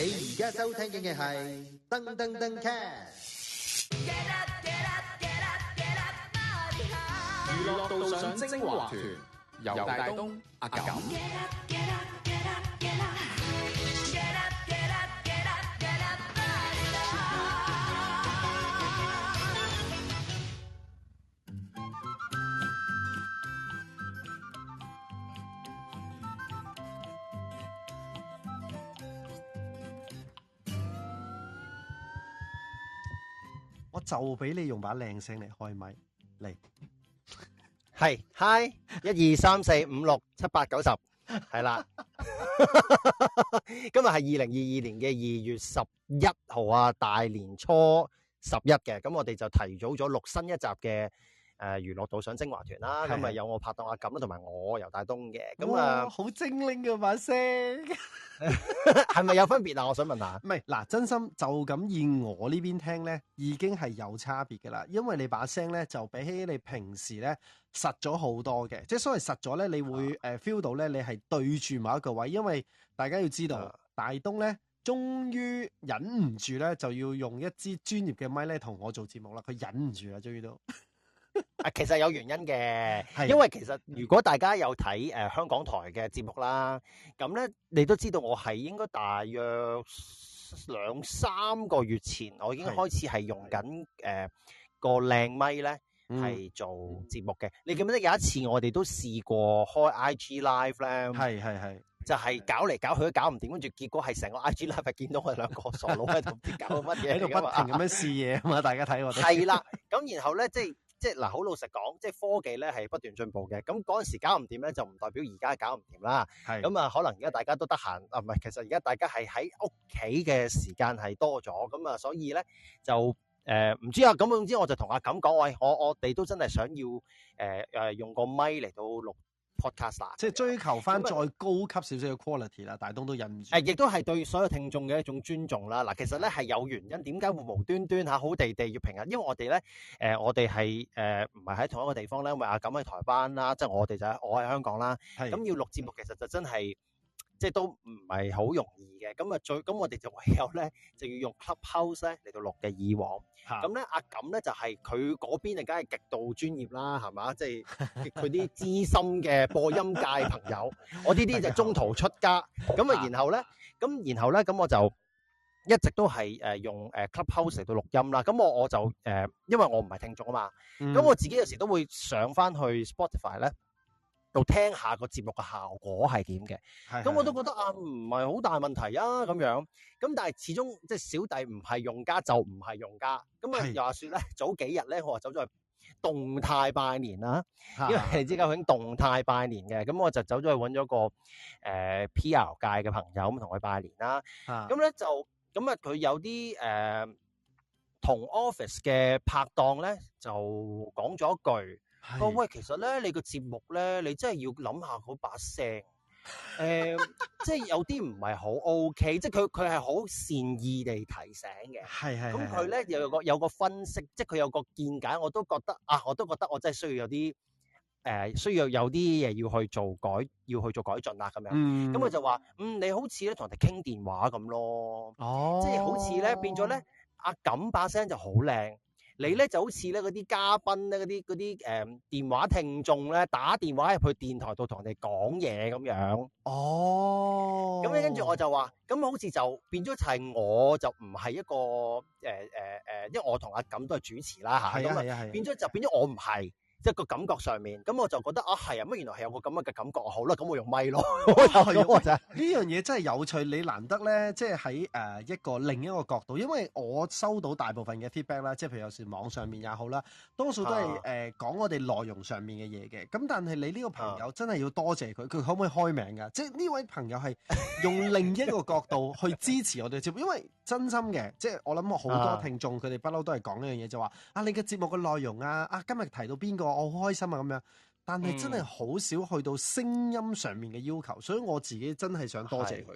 你而家收聽緊嘅係《噔噔噔 Catch》，娛樂道上精華團，由大東、阿九。就俾你用把靚聲嚟開咪嚟，係嗨，一二三四五六七八九十，係啦。 今日係二零二二年嘅二月十一號啊，大年初十一嘅，咁我哋就提早咗錄新一集嘅。誒、呃，娛樂導賞精華團啦，係咪有我拍檔阿錦啦，同埋我游大東嘅咁啊，好、哦、精靈嘅把聲，係 咪 有分別啊？我想問下，唔係嗱，真心就咁以我邊呢邊聽咧，已經係有差別噶啦，因為你把聲咧就比起你平時咧實咗好多嘅，即係所謂實咗咧，你會誒 feel 到咧，你係對住某一個位，因為大家要知道大東咧，終於忍唔住咧，就要用一支專業嘅咪咧同我做節目啦，佢忍唔住啦，終於都。 啊，其實有原因嘅，因為其實如果大家有睇誒、呃、香港台嘅節目啦，咁咧你都知道我係應該大約兩三個月前，我已經開始係用緊誒、呃、個靚咪咧係做節目嘅。你記唔記得有一次我哋都試過開 I G Live 咧，係係係，就係、是、搞嚟搞去都搞唔掂，跟住結果係成個 I G Live 見到我哋兩個傻佬喺度唔知搞乜嘢，喺 度不停咁樣試嘢啊嘛， 大家睇我哋係啦，咁然後咧即係。即係嗱，好老實講，即係科技咧係不斷進步嘅。咁嗰陣時搞唔掂咧，就唔代表而家搞唔掂啦。係咁啊，可能而家大家都得閒，啊唔係，其實而家大家係喺屋企嘅時間係多咗。咁啊，所以咧就誒唔知啊。咁總之我就同阿錦講，喂，我我我哋都真係想要誒誒用個咪嚟到錄。podcast 啦，即係追求翻再高級少少嘅 quality 啦，大東都忍唔住，誒，亦都係對所有聽眾嘅一種尊重啦。嗱，其實咧係有原因，點解會無端端嚇好地地要平啊？因為我哋咧，誒、呃，我哋係誒，唔係喺同一個地方咧，因為阿錦喺台灣啦，即係我哋就係、是、我喺香港啦，咁要錄節目其實就真係。即都唔係好容易嘅，咁最咁我哋就唯有呢，就要用 Clubhouse 來嚟到錄嘅以往。咁、啊、咧，阿錦呢，就係佢嗰邊啊，梗係極度專業啦，係嘛？即係佢啲資深嘅播音界朋友。 我呢啲就中途出家。咁 然後呢，咁然後呢，咁我就一直都係用 Clubhouse 嚟到錄音啦。咁我我就、呃、因為我唔係聽眾嘛。咁、嗯、我自己有時候都會上翻去 Spotify 到聽下個節目嘅效果係點嘅，咁我都覺得啊，唔係好大問題啊咁樣。咁但係始終即係、就是、小弟唔係用家就唔係用家，咁啊又話說咧，早幾日咧，我就走咗去動態拜年啦，因為你知究竟動態拜年嘅，咁我就走咗去搵咗個、呃、P R 界嘅朋友咁同佢拜年啦。咁咧就咁啊，佢有啲誒同 Office 嘅拍檔咧就講咗一句。哦、喂，其實咧，你個節目咧，你真係要諗下嗰把聲，誒、呃， 即係有啲唔係好 OK，即係佢佢係好善意地提醒嘅。係 係。咁佢咧又有個有個分析，即係佢有個見解，我都覺得啊，我都覺得我真係需要有啲誒、呃，需要有啲嘢要去做改，要去做改進啦、啊、咁樣。咁、嗯、佢就話：嗯，你好似咧同人哋傾電話咁咯。哦。即係好似咧變咗咧，阿咁把聲就好靚。你咧就好似咧，嗰啲嘉賓咧，嗰啲啲誒電話聽眾咧，打電話入去電台度同人哋講嘢咁樣。哦，咁咧跟住我就話，咁好似就變咗就係我就唔係一個誒誒誒，因為我同阿錦都係主持啦嚇，咁啊，啊，啊，啊變咗就變咗我唔係。即係個感覺上面，咁我就覺得啊係啊，咁原來係有個咁嘅嘅感覺，好啦，咁我用咪咯，呢樣嘢真係有趣，你難得咧，即係喺誒一個另一個角度，因為我收到大部分嘅 feedback 啦，即係譬如有時網上面也好啦，多數都係誒、呃、講我哋內容上面嘅嘢嘅，咁但係你呢個朋友真係要多謝佢，佢可唔可以開名噶？即係呢位朋友係用另一個角度去支持我哋嘅節目，因為真心嘅，即、就、係、是、我諗我好多聽眾佢哋不嬲都係講一樣嘢就話、是、啊你嘅節目嘅內容啊，啊今日提到邊個、啊？我好開心啊咁樣，但係真係好少去到聲音上面嘅要求，所以我自己真係想多謝佢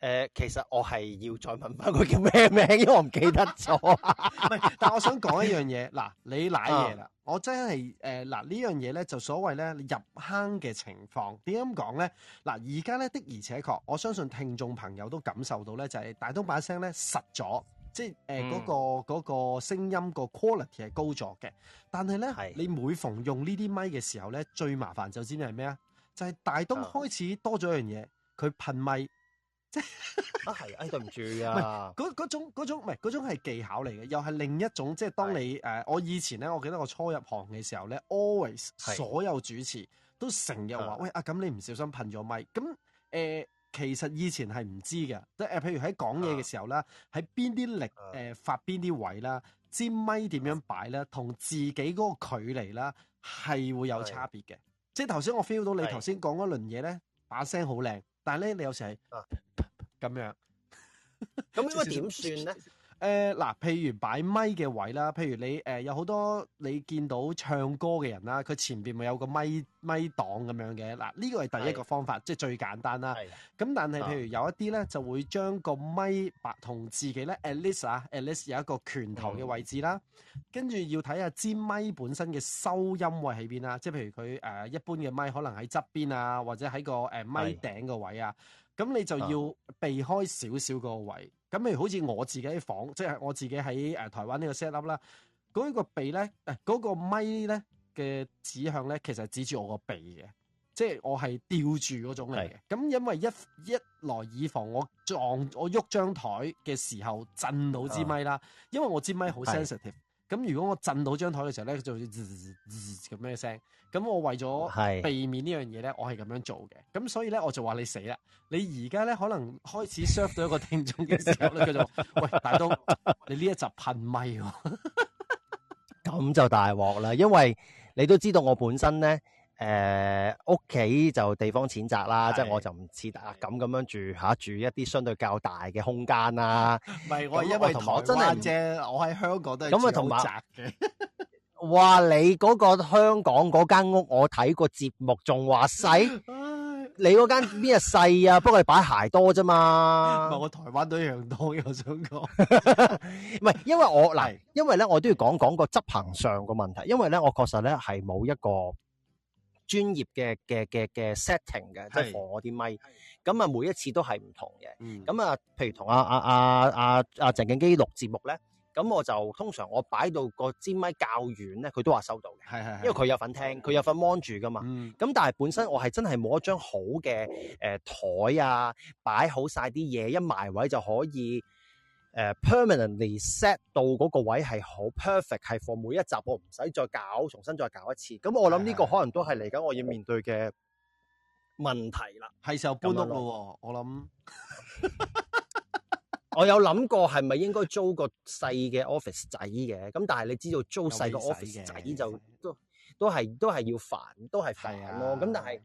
誒、呃，其實我係要再問翻佢叫咩名，因為我唔記得咗。 但係我想講一樣嘢，嗱， 你瀨嘢啦，我真係誒，嗱、呃、呢樣嘢咧就所謂咧入坑嘅情況，點樣講咧？嗱，而家咧的而且確，我相信聽眾朋友都感受到咧，就係、是、大東把聲咧實咗。即係嗰、呃嗯嗰個嗰、嗰個、聲音個 quality 係高咗嘅，但係咧你每逢用呢啲咪嘅時候咧，最麻煩首先係咩啊？就係、是、大東開始多咗樣嘢，佢噴咪，即係啊係啊，對唔住啊，嗰 種嗰唔係嗰種，係技巧嚟嘅，又係另一種即係當你誒、呃、我以前咧，我記得我初入行嘅時候咧，always 所有主持都成日話喂啊咁你唔小心噴咗咪。」咁、呃其實以前係唔知嘅，即係誒，譬如喺講嘢嘅時候啦，喺邊啲力誒、uh, 發邊啲位啦，支咪點樣擺咧，同自己嗰個距離啦，係會有差別嘅。Uh, 即係頭先我 feel 到你頭先講嗰輪嘢咧，把聲好靚，但係咧你有時係咁、uh, 樣，咁 應該點算咧？ 誒、呃、嗱，譬如擺咪嘅位啦，譬如你誒、呃、有好多你見到唱歌嘅人啦，佢前邊咪有個咪咪檔咁樣嘅，嗱呢個係第一個方法，是即係最簡單啦。咁但係譬如有一啲咧，就會將個咪白同自己咧、啊、at least 啊，at least 有一個拳頭嘅位置啦，跟、嗯、住要睇下支咪本身嘅收音位喺邊啦。即係譬如佢誒、呃、一般嘅咪可能喺側邊啊，或者喺個誒咪、uh, 頂個位啊。咁你就要避開少少個位，咁譬如好似我自己房，即係我自己喺台灣呢個 set up 啦，嗰個鼻咧，嗰個咪咧嘅指向咧，其實指住我個鼻嘅，即係我係吊住嗰種嚟嘅。咁因為一一來以防我撞我喐張台嘅時候震到支咪啦，啊，因為我支咪好 sensitive。咁如果我震到張台嘅時候咧，就咁樣嘅聲。咁我為咗避免呢樣嘢咧，我係咁樣做嘅。咁所以咧，我就話你死啦！你而家咧可能開始 serve 到一個聽眾嘅時候咧，叫 做喂大東， 你呢一集噴咪、啊，咁 就大鑊啦！因為你都知道我本身咧。誒、呃，屋企就地方淺窄啦，即係我就唔似得咁咁樣住吓、啊，住一啲相對較大嘅空間啦。唔係，我因為我，我真係。我喺香港都係咁啊，同埋 哇，你嗰個香港嗰間屋，我睇 個節目仲話細，你嗰間邊日細啊？ 不過你擺鞋多啫嘛。唔係，我台灣都一樣多，我想講，唔 係， 因為我嗱，因為咧，我都要講講個執行上嘅問題，因為咧，我確實咧係冇一個。專業嘅嘅嘅嘅 setting 嘅，即係我啲咪。咁啊，每一次都係唔同嘅。咁、嗯、啊，譬如同阿阿阿阿阿鄭敬基錄節目咧，咁我就通常我擺到個支咪較遠咧，佢都話收到嘅。係，係因為佢有份聽，佢有份望住㗎嘛。咁、嗯、但係本身我係真係冇一張好嘅誒台啊，擺好晒啲嘢，一埋位就可以。誒、uh, permanently set 到嗰個位係好 perfect，係 for 每一集我唔使再搞，重新再搞一次。咁我諗呢個可能都係嚟緊我要面對嘅問題啦。係時候搬屋啦喎！我諗 我有諗過係咪應該租個細嘅 office 仔嘅？咁但係你知道租細個 office 仔就都都係都係要煩，都係煩人咯。咁、啊、但係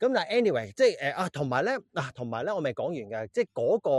咁但係 anyway，即係誒、uh, 啊，同埋咧嗱，同埋咧我未講完嘅，即係、那、嗰個、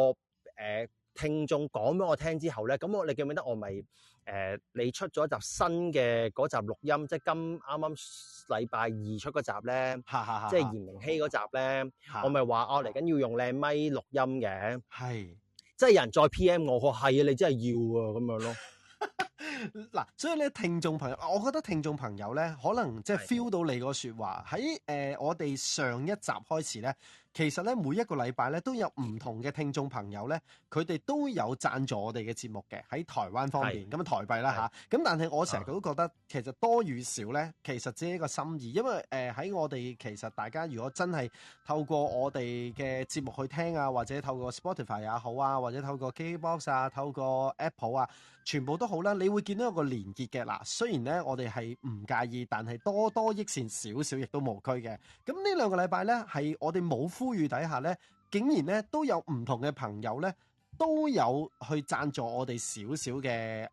uh, 聽眾講俾我聽之後咧，咁我你記唔記得我咪誒、呃？你出咗一集新嘅嗰集錄音，即係今啱啱禮拜二出嗰集咧，啊啊啊即係炎明熹嗰集咧，我咪話我嚟緊要用靚咪錄音嘅，係即係有人再 PM 我，我係啊你真係要啊咁樣咯。 嗱、啊，所以咧聽眾朋友，我覺得聽眾朋友咧，可能即係 feel 到你個説話喺誒、啊呃、我哋上一集開始咧。其實咧，每一個禮拜咧都有唔同嘅聽眾朋友咧，佢哋都有贊助我哋嘅節目嘅，喺台灣方面咁台幣啦咁、吓、但係我成日都覺得其實多與少咧，其實只係一個心意，因為喺、呃、我哋其實大家如果真係透過我哋嘅節目去聽啊，或者透過 Spotify 也好啊，或者透過 KKBOX 啊，透過 Apple 啊。全部都好啦，你會見到有個連結嘅嗱，雖然咧我哋係唔介意，但係多多益善少少亦都無區嘅。咁呢兩個禮拜咧，係我哋冇呼籲底下咧，竟然咧都有唔同嘅朋友咧都有去贊助我哋少少嘅誒，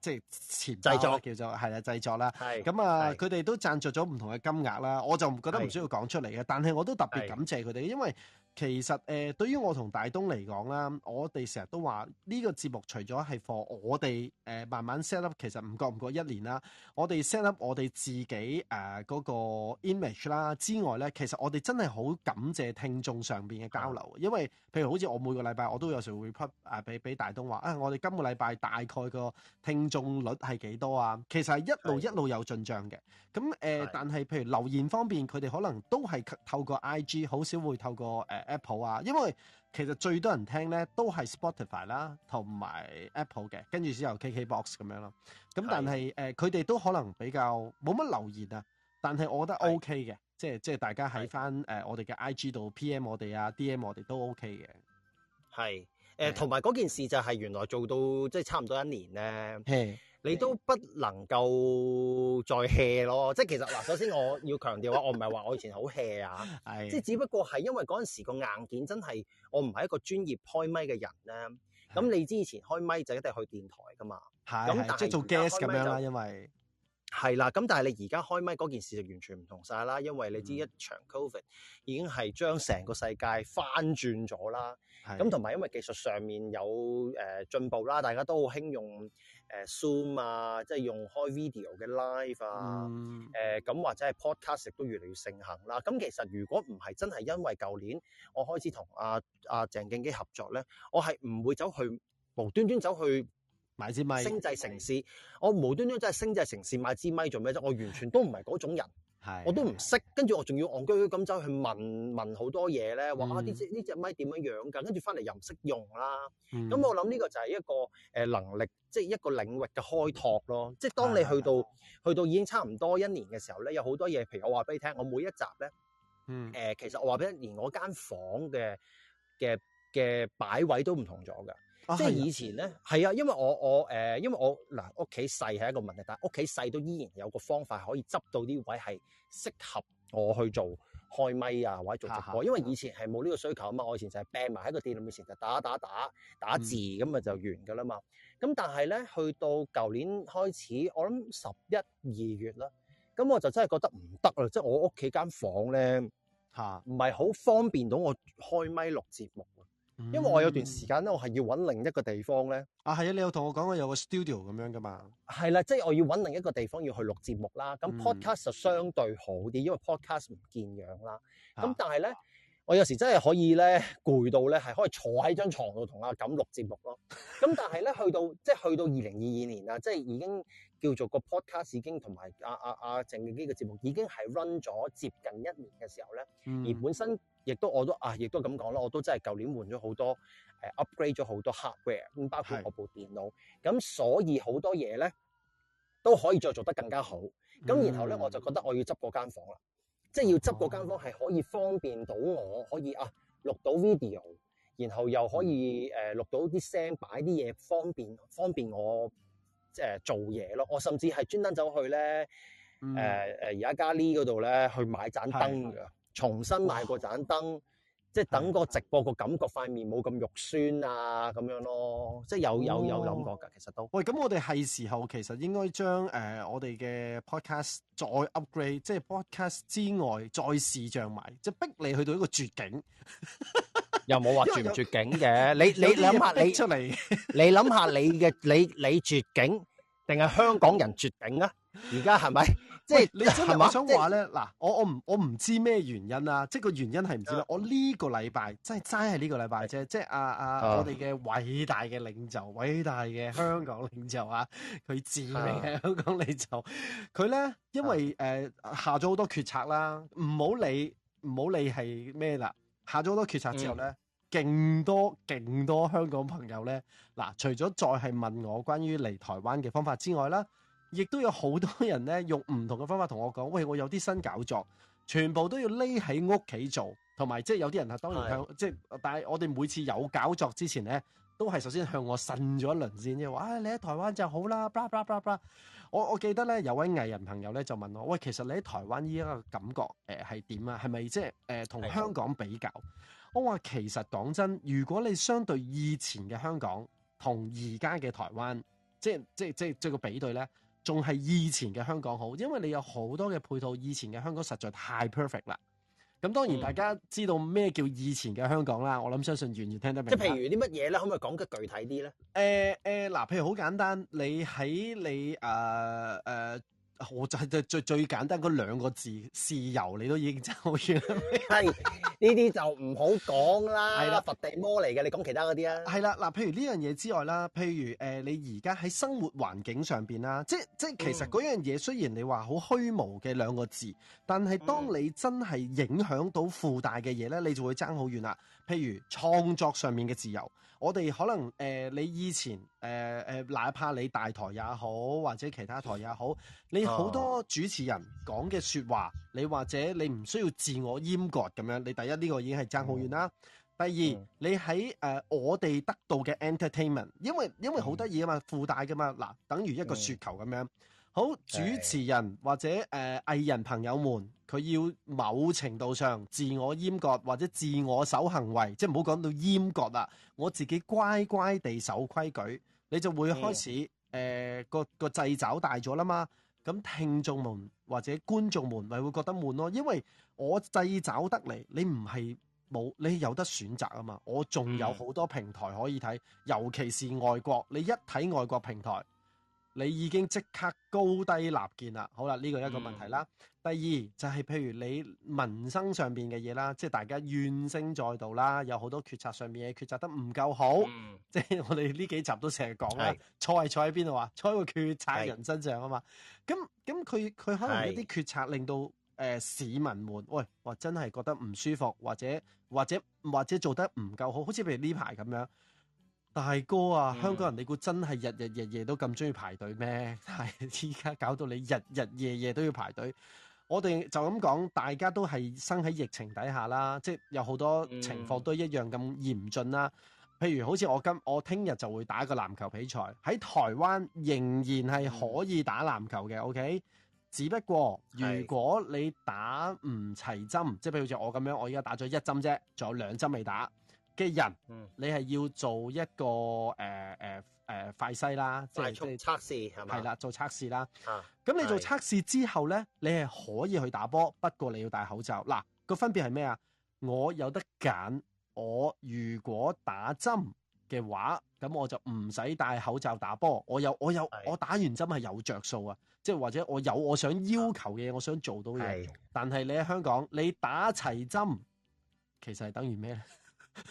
即係前製作、啊、叫做係啦製作啦。係咁啊，佢哋都贊助咗唔同嘅金額啦，我就覺得唔需要講出嚟嘅，但係我都特別感謝佢哋，因為。其實誒、呃，對於我同大東嚟講啦，我哋成日都話呢個節目除咗係放我哋、呃、慢慢 set up，其實唔覺唔覺一年啦。我哋 set up 我哋自己誒嗰、呃那個 image 啦之外咧，其實我哋真係好感謝聽眾上面嘅交流，因為譬如好似我每個禮拜我都有時會 put 俾俾大東話啊、呃，我哋今個禮拜大概個聽眾率係幾多啊？其實係一路一路有進帳嘅。咁、呃、但係譬如留言方面，佢哋可能都係透過 IG，好少會透過誒。呃 Apple 啊，因為其實最多人聽咧都係 Spotify 啦，同埋 Apple 嘅，跟住之後 KKBox 咁樣咯。咁但係誒，佢哋、呃、都可能比較冇乜留言啊。但係我覺得 OK 嘅，即係即係大家喺翻誒我哋嘅 IG 度 PM 我哋啊，DM 我哋都 OK 嘅。係誒，同埋嗰件事就係原來做到即係、就是、差唔多一年咧。你都不能夠再 hea 咯，即係其實嗱，首先我要強調啊， 我唔係話我以前好 hea 啊，即係只不過係因為嗰陣時個硬件真係我唔係一個專業開咪嘅人咧，咁你知，以前開咪就一定去電台㗎嘛，咁即係做 guest 咁樣啦，因為係啦，咁但係你而家開咪嗰件事就完全唔同晒啦，因為你知一場 COVID 已經係將成個世界翻轉咗啦，咁同埋因為技術上面有誒、呃、進步啦，大家都好興用。誒 Zoom 啊，即係用開 video 嘅 live 啊，咁或者係 podcast 亦都越嚟越盛行啦。咁其實如果唔係真係因為舊年我開始同阿阿鄭敬基合作咧，我係唔會走去無端端走去買支咪，星際城市。我無端端真係星際城市買支咪做咩啫？我完全都唔係嗰種人。係，我都唔識，跟住我仲要戇居居咁走去問問好多嘢咧，話、嗯、啊呢隻呢隻咪點樣樣噶，跟住翻嚟又唔識用啦。咁、嗯、我諗呢個就係一個誒、呃、能力，即係一個領域嘅開拓咯。嗯、即係當你去到、嗯、去到已經差唔多一年嘅時候咧，有好多嘢，譬如我話俾你聽，我每一集咧，誒、嗯呃，其實我話俾你聽，連我間房嘅嘅嘅擺位都唔同咗噶。啊、即係以前咧，係啊，因為我我誒、呃，因為我嗱屋企細係一個問題，但係屋企細都依然有個方法可以執到啲位係適合我去做開咪啊，或者做直播。啊啊、因為以前係冇呢個需求啊嘛，我以前就係病埋喺個電腦面前就打打打打字咁啊就完㗎啦嘛。咁、嗯、但係咧，去到舊年開始，我諗十一二月啦，咁我就真係覺得唔得啦，即係我屋企間房咧嚇唔係好方便到我開咪錄節目。因為我有段時間咧，我係要揾另一個地方咧。啊，係啊，你有同我講過有個 studio 咁樣噶嘛？係啦，即係我要揾另一個地方要去錄節目啦。咁 podcast 就相對好啲，因為 podcast 唔見樣啦。咁、啊、但係咧，我有時真係可以咧攰到咧，係可以坐喺張床度同阿錦錄節目咯。咁但係咧，去到 即係去到二零二二年啦，即係已經。叫做個 podcast 已經同埋阿阿阿鄭敬基嘅節目已經係 run 咗接近一年嘅時候咧、嗯，而本身亦都我都啊，亦都咁講啦，我都真係舊年換咗好多、呃、upgrade 咗好多 hardware，咁包括我部電腦，咁所以好多嘢咧都可以再做得更加好。咁、嗯、然後咧，我就覺得我要執嗰間房啦、嗯，即係要執嗰間房係可以方便到我、哦、可以啊錄到 video，然後又可以誒、呃、錄到啲聲，擺啲嘢方便方便我。即係做嘢咯，我甚至係專登走去咧，誒誒而家嘉莉嗰度咧，去買盞燈㗎，重新買過盞燈，即係等個直播個感覺，塊面冇咁肉酸啊咁樣咯，即係有有有感覺㗎，其實都。喂，咁我哋係時候其實應該將誒、呃、我哋嘅 podcast 再 upgrade，即係 podcast 之外再視像埋，即係逼你去到一個絕境。 又冇話絕唔絕境嘅，你你諗下你出嚟，你諗下你嘅你你絕境定係香港人絕境啊？而家係咪即係你真係想話咧？嗱，我我唔我唔知咩原因啦，即係個原因係唔知啦。我呢個禮拜真係齋係呢個禮拜啫，即係阿阿我哋嘅偉大嘅領袖，偉大嘅香港領袖啊，佢致命嘅香港領袖，佢咧因為誒下咗好多決策啦，唔好理唔好理係咩啦。下咗好多決策之後咧、嗯，勁多勁多香港朋友咧，嗱、啊，除咗再係問我關於嚟台灣嘅方法之外啦，亦都有好多人咧用唔同嘅方法同我講，喂，我有啲新搞作，全部都要匿喺屋企做，同埋即係有啲人啊，當然向即係，但係我哋每次有搞作之前咧，都係首先向我呻咗一輪先，即係話，啊，你喺台灣就好啦，blah b 我我記得咧，有位藝人朋友咧就問我：喂，其實你喺台灣依家嘅感覺，誒係點啊？係咪即係誒同香港比較？的我話其實講真，如果你相對以前嘅香港同而家嘅台灣，即即即即個比對咧，仲係以前嘅香港好，因為你有好多嘅配套，以前嘅香港實在太 perfect 啦。咁當然大家知道咩叫以前嘅香港啦，我諗相信完全聽得明白。即、嗯、係、就是、譬如啲乜嘢咧，可唔可以講得具體啲咧？誒、呃、誒，嗱、呃，譬如好簡單，你喺你誒、呃呃我就係最最最簡單嗰兩個字，自由，你都已經爭好遠啦。係呢啲就唔好講啦。係啦，佛地魔嚟嘅。你講其他嗰啲啊。係啦，嗱，譬如呢樣嘢之外啦，譬如誒、呃，你而家喺生活環境上邊啦，即即其實嗰樣嘢雖然你話好虛無嘅兩個字，但係當你真係影響到附帶嘅嘢咧，你就會爭好遠啦。譬如創作上面嘅自由。我哋可能，呃，你以前，呃、哪怕你大台也好，或者其他台也好，你好多主持人講嘅說話，你或者你唔需要自我閹割咁樣，你第一呢個已經係爭好遠啦。第二，你喺，呃，我哋得到嘅 entertainment，因為因為好得意啊嘛，附帶噶嘛，嗱，等於一個雪球咁樣，好主持人或者呃，藝人朋友們。佢要某程度上自我閹割，或者自我守行為，即係唔好講到閹割啦，我自己乖乖地守規矩，你就會開始誒、嗯呃、個個掣肘大咗啦嘛。咁聽眾們或者觀眾們咪會覺得悶咯，因為我掣肘得嚟，你唔係冇，你有得選擇啊嘛。我仲有好多平台可以睇，嗯，尤其是外國，你一睇外國平台，你已經即刻高低立見啦。好啦，呢個一個問題啦。嗯第二就係、是、譬如你民生上邊嘅嘢啦，即係大家怨聲載道啦，有好多決策上面嘅決策得唔夠好，嗯、即係我哋呢幾集都成日講啦。錯係坐喺邊度啊？坐喺個決策人身上啊嘛。咁咁佢佢可能有一啲決策令到誒、呃、市民們，喂，或真係覺得唔舒服，或者或者或者做得唔夠好，好似譬如呢排咁樣。大哥啊，嗯、香港人你估真係日日夜夜都咁鍾意排隊咩？依家搞到你日日夜夜都要排隊。我哋就咁講，大家都係生喺疫情底下啦，即係有好多情況都一樣咁嚴峻啦。譬如好似我今我聽日就會打個籃球比賽喺台灣，仍然係可以打籃球嘅。OK，只不過如果你打唔齊針，即係譬如像我咁樣，我而家打咗一針啫，仲有兩針未打。嘅人，嗯、你係要做一個、呃呃、快篩啦，即係測試係咪？係啦，做測試啦。咁、啊、你做測試之後咧，你係可以去打波，不過你要戴口罩。嗱，個分別係咩啊？我有得揀，我如果打針嘅話，咁我就唔使戴口罩打波。我有我有、啊、我打完針係有着數啊，即係或者我有我想要求嘅嘢，我想做到嘅嘢、啊。但係你喺香港，你打齊針，其實係等於咩咧？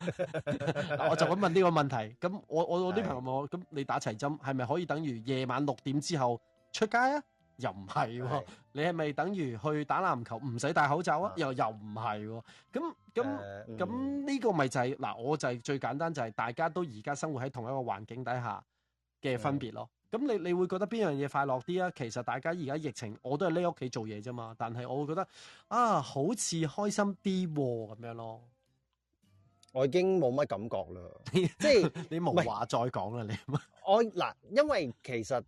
我就咁問呢個問題，咁我我我啲朋友問我咁，你打齊針係咪可以等於夜晚六點之後出街啊？又唔係，你係咪等於去打籃球唔使戴口罩啊？又又唔係，咁咁咁呢個咪就係、是、嗱，我就係最簡單就係大家都而家生活喺同一個環境底下嘅分別咯。咁、嗯、你你會覺得邊樣嘢快樂啲啊？其實大家而家疫情，我都係匿喺屋企做嘢啫嘛，但係我會覺得啊，好似開心啲咁樣咯。我已經冇乜感覺啦， 即係你無話再講啦，你 我嗱，因為其實誒、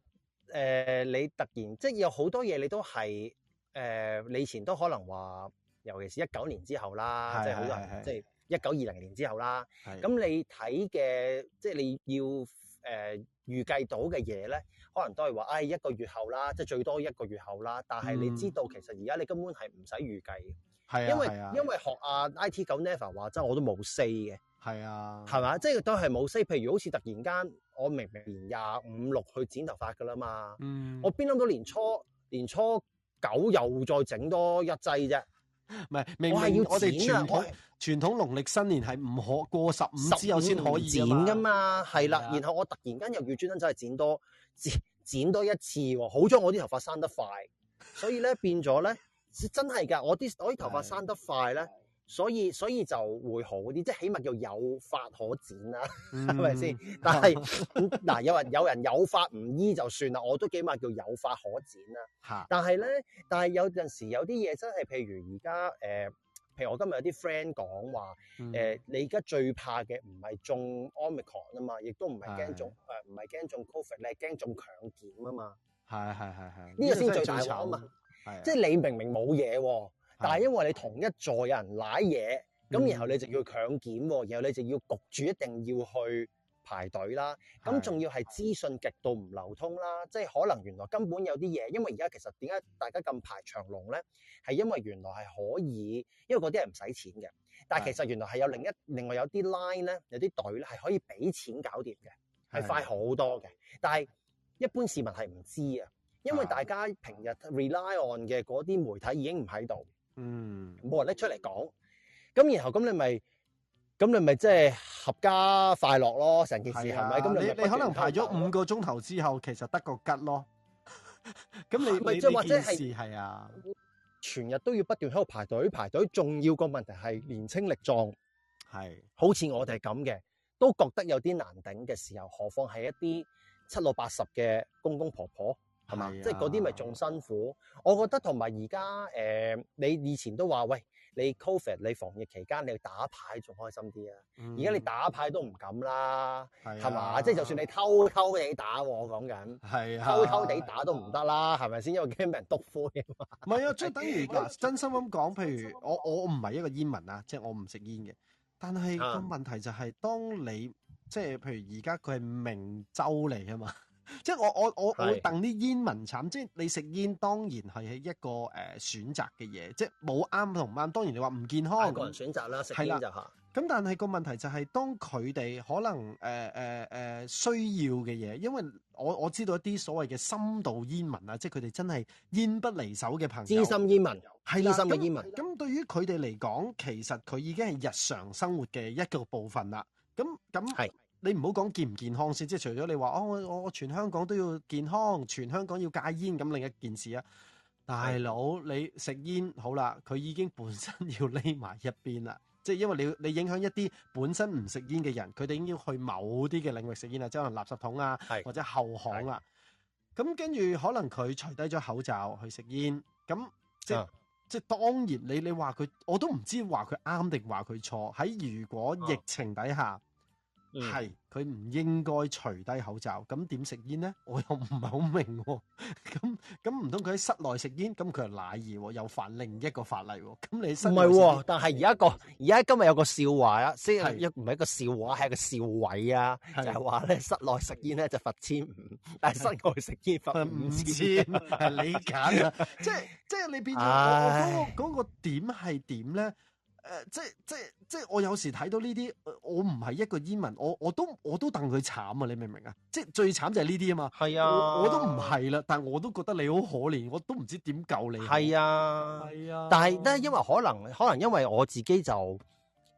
呃、你突然即係有好多嘢，你都係誒、呃、你以前都可能話，尤其是一九年之後啦，可能即係好多即係一九二零年之後啦，咁你睇嘅即係你要誒、呃、預計到嘅嘢咧，可能都係話，唉、哎、一個月後啦，即係最多一個月後啦，但係你知道其實而家你根本係唔使預計。嗯嗯。啊、因為、啊、因為學阿、啊、IT 九 Neva 話齋我都冇 say 嘅，係啊，係嘛？即係都係冇 say，譬如好似突然間，我明明年廿五六去剪頭髮噶啦嘛，嗯，我邊諗到年初年初九又再整多一劑啫？唔係，我係要我哋傳統傳統農曆新年係唔可過十五之後先可以剪噶嘛？係啦、啊，然後我突然間又要專登走去剪多剪剪多一次、哦，好彩我啲頭髮生得快，所以咧變咗咧。 真係噶，我啲我啲頭髮生得快咧，所以所以就會好啲，即係起碼叫有髮可剪啦，係咪先？但係嗱， 有人有人有髮唔醫就算啦，我都起碼叫有髮可剪啦。吓，但係咧，但係有陣時有啲嘢真係，譬如而家誒，譬如我今日有啲 friend 講話，誒、呃嗯，你而家最怕嘅唔係中 Omicron 啊嘛，亦都唔係驚中誒唔係驚中 COVID，你係驚中強檢啊嘛。係係係係，呢、這個先最大啊嘛。即係你明明冇嘢喎，但係因為你同一座有人瀨嘢，咁然後你就要強檢喎，然後你就要焗住一定要去排隊啦。咁仲要係資訊極度唔流通啦，即係可能原來根本有啲嘢，因為而家其實點解大家咁排長龍咧？係因為原來係可以，因為嗰啲係唔使錢嘅，但係其實原來係有另一另外有啲 line 咧，有啲隊咧係可以俾錢搞掂嘅，係快好多嘅，但係一般市民係唔知啊。因為大家平日 rely on 嘅嗰啲媒體已經唔喺度，嗯，冇人拎出嚟講，咁然後咁你咪，咁你咪即係合家快樂咯，成件事係咪？咁、啊、你你，你可能排咗五個鐘頭之後，其實得個吉咯。咁 你咪即係或者係，係啊，全日都要不斷喺度排隊排隊，排隊仲要個問題係年青力壯，係好似我哋咁嘅，都覺得有啲難頂嘅時候，何況係一啲七老八十嘅公公婆婆。係嘛、啊？即係嗰啲咪仲辛苦？我覺得同埋而家誒，你以前都話喂，你 COVID 你防疫期間你打牌仲開心啲啊？而、嗯、家你打牌都唔敢啦，係嘛、啊？即係就算你偷偷地打，我講緊、啊、偷偷地打都唔得啦，係咪先？因為驚俾人篤灰啊嘛。唔係啊，即係等於、啊、真心咁講，譬如，譬如我我唔係一個煙民啊，即、就、係、是、我唔食煙嘅。但係個問題就係、是，當你即係、嗯、譬如而家佢係明州嚟啊嘛。即係我我我我等啲煙民慘，即係你食煙當然係一個誒、呃、選擇嘅嘢，即係冇啱同唔啱。當然你話唔健康，個人選擇啦，食煙就吓。咁但係個問題就係、是，當佢哋可能誒誒誒需要嘅嘢，因為我我知道一啲所謂嘅深度煙民啊，即係佢哋真係煙不離手嘅朋友，資深煙民係資深嘅煙民。咁對於佢哋嚟講，其實佢已經係日常生活嘅一個部分啦。咁咁係。你唔好講健唔健康先，即係除咗你話哦，我全香港都要健康，全香港要戒煙咁，另一件事啊！大佬，你食煙好啦，佢已經本身要匿埋一邊啦，即係因為你你影響一啲本身唔食煙嘅人，佢哋已經要去某啲嘅領域食煙啦，即係可能垃圾桶啊，或者後巷啦、啊。咁跟住可能佢除低咗口罩去食煙，咁即、啊、即係當然你，你你話佢，我都唔知話佢啱定話佢錯。喺如果疫情底下。啊係、嗯，佢唔應該除低口罩，咁點食煙呢？我又唔係好明、哦，咁咁唔通佢喺室內食煙，咁佢又哪兒？又犯另一個法例、哦？咁你唔係、哦，但係而家個而家今日有個笑，個，笑個笑話啊，即係一唔係一個笑話，係個笑位啊，就係話咧室內食煙咧就罰千五，但係室外食煙罰五千， 你揀啊，即係即係你變咗嗰、嗰個嗰個點係點咧？誒、呃，即係即即我有時睇到呢啲，我唔係一個煙民，我我都我都戥佢慘啊！你明唔明啊？即係最慘就係呢啲啊嘛。係啊，我，我都唔係啦，但我都覺得你好可憐，我都唔知點救你。係啊，係啊。但係咧，因為可能可能因為我自己就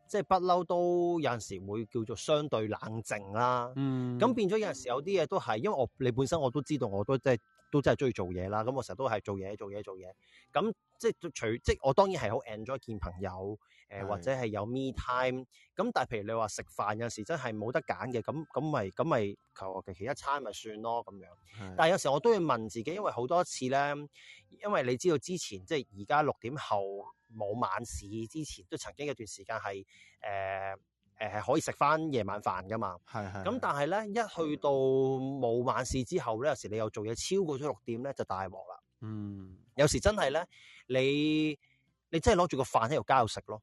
即係不嬲都有陣時會叫做相對冷靜啦。嗯。咁變咗有陣時有啲嘢都係，因為我你本身我都知道，我都即係都真係中意做嘢啦。咁我成日都係做嘢做嘢做嘢。咁即係除即我當然係好 enjoy 見朋友。誒，或者係有 me time 咁，但係譬如你話食飯有時真係冇得揀嘅，咁咁咪咁咪求其其一餐咪算咯咁樣。但係有時我都會問自己，因為好多次咧，因為你知道之前即係而家六點後冇晚市之前，都曾經有段時間係誒誒係可以食翻夜晚飯㗎嘛。係係。咁但係咧一去到冇晚市之後咧，有時你又做嘢超過咗六點咧，就大鑊啦。嗯。有時真係咧，你你真係攞住個飯喺度交食咯。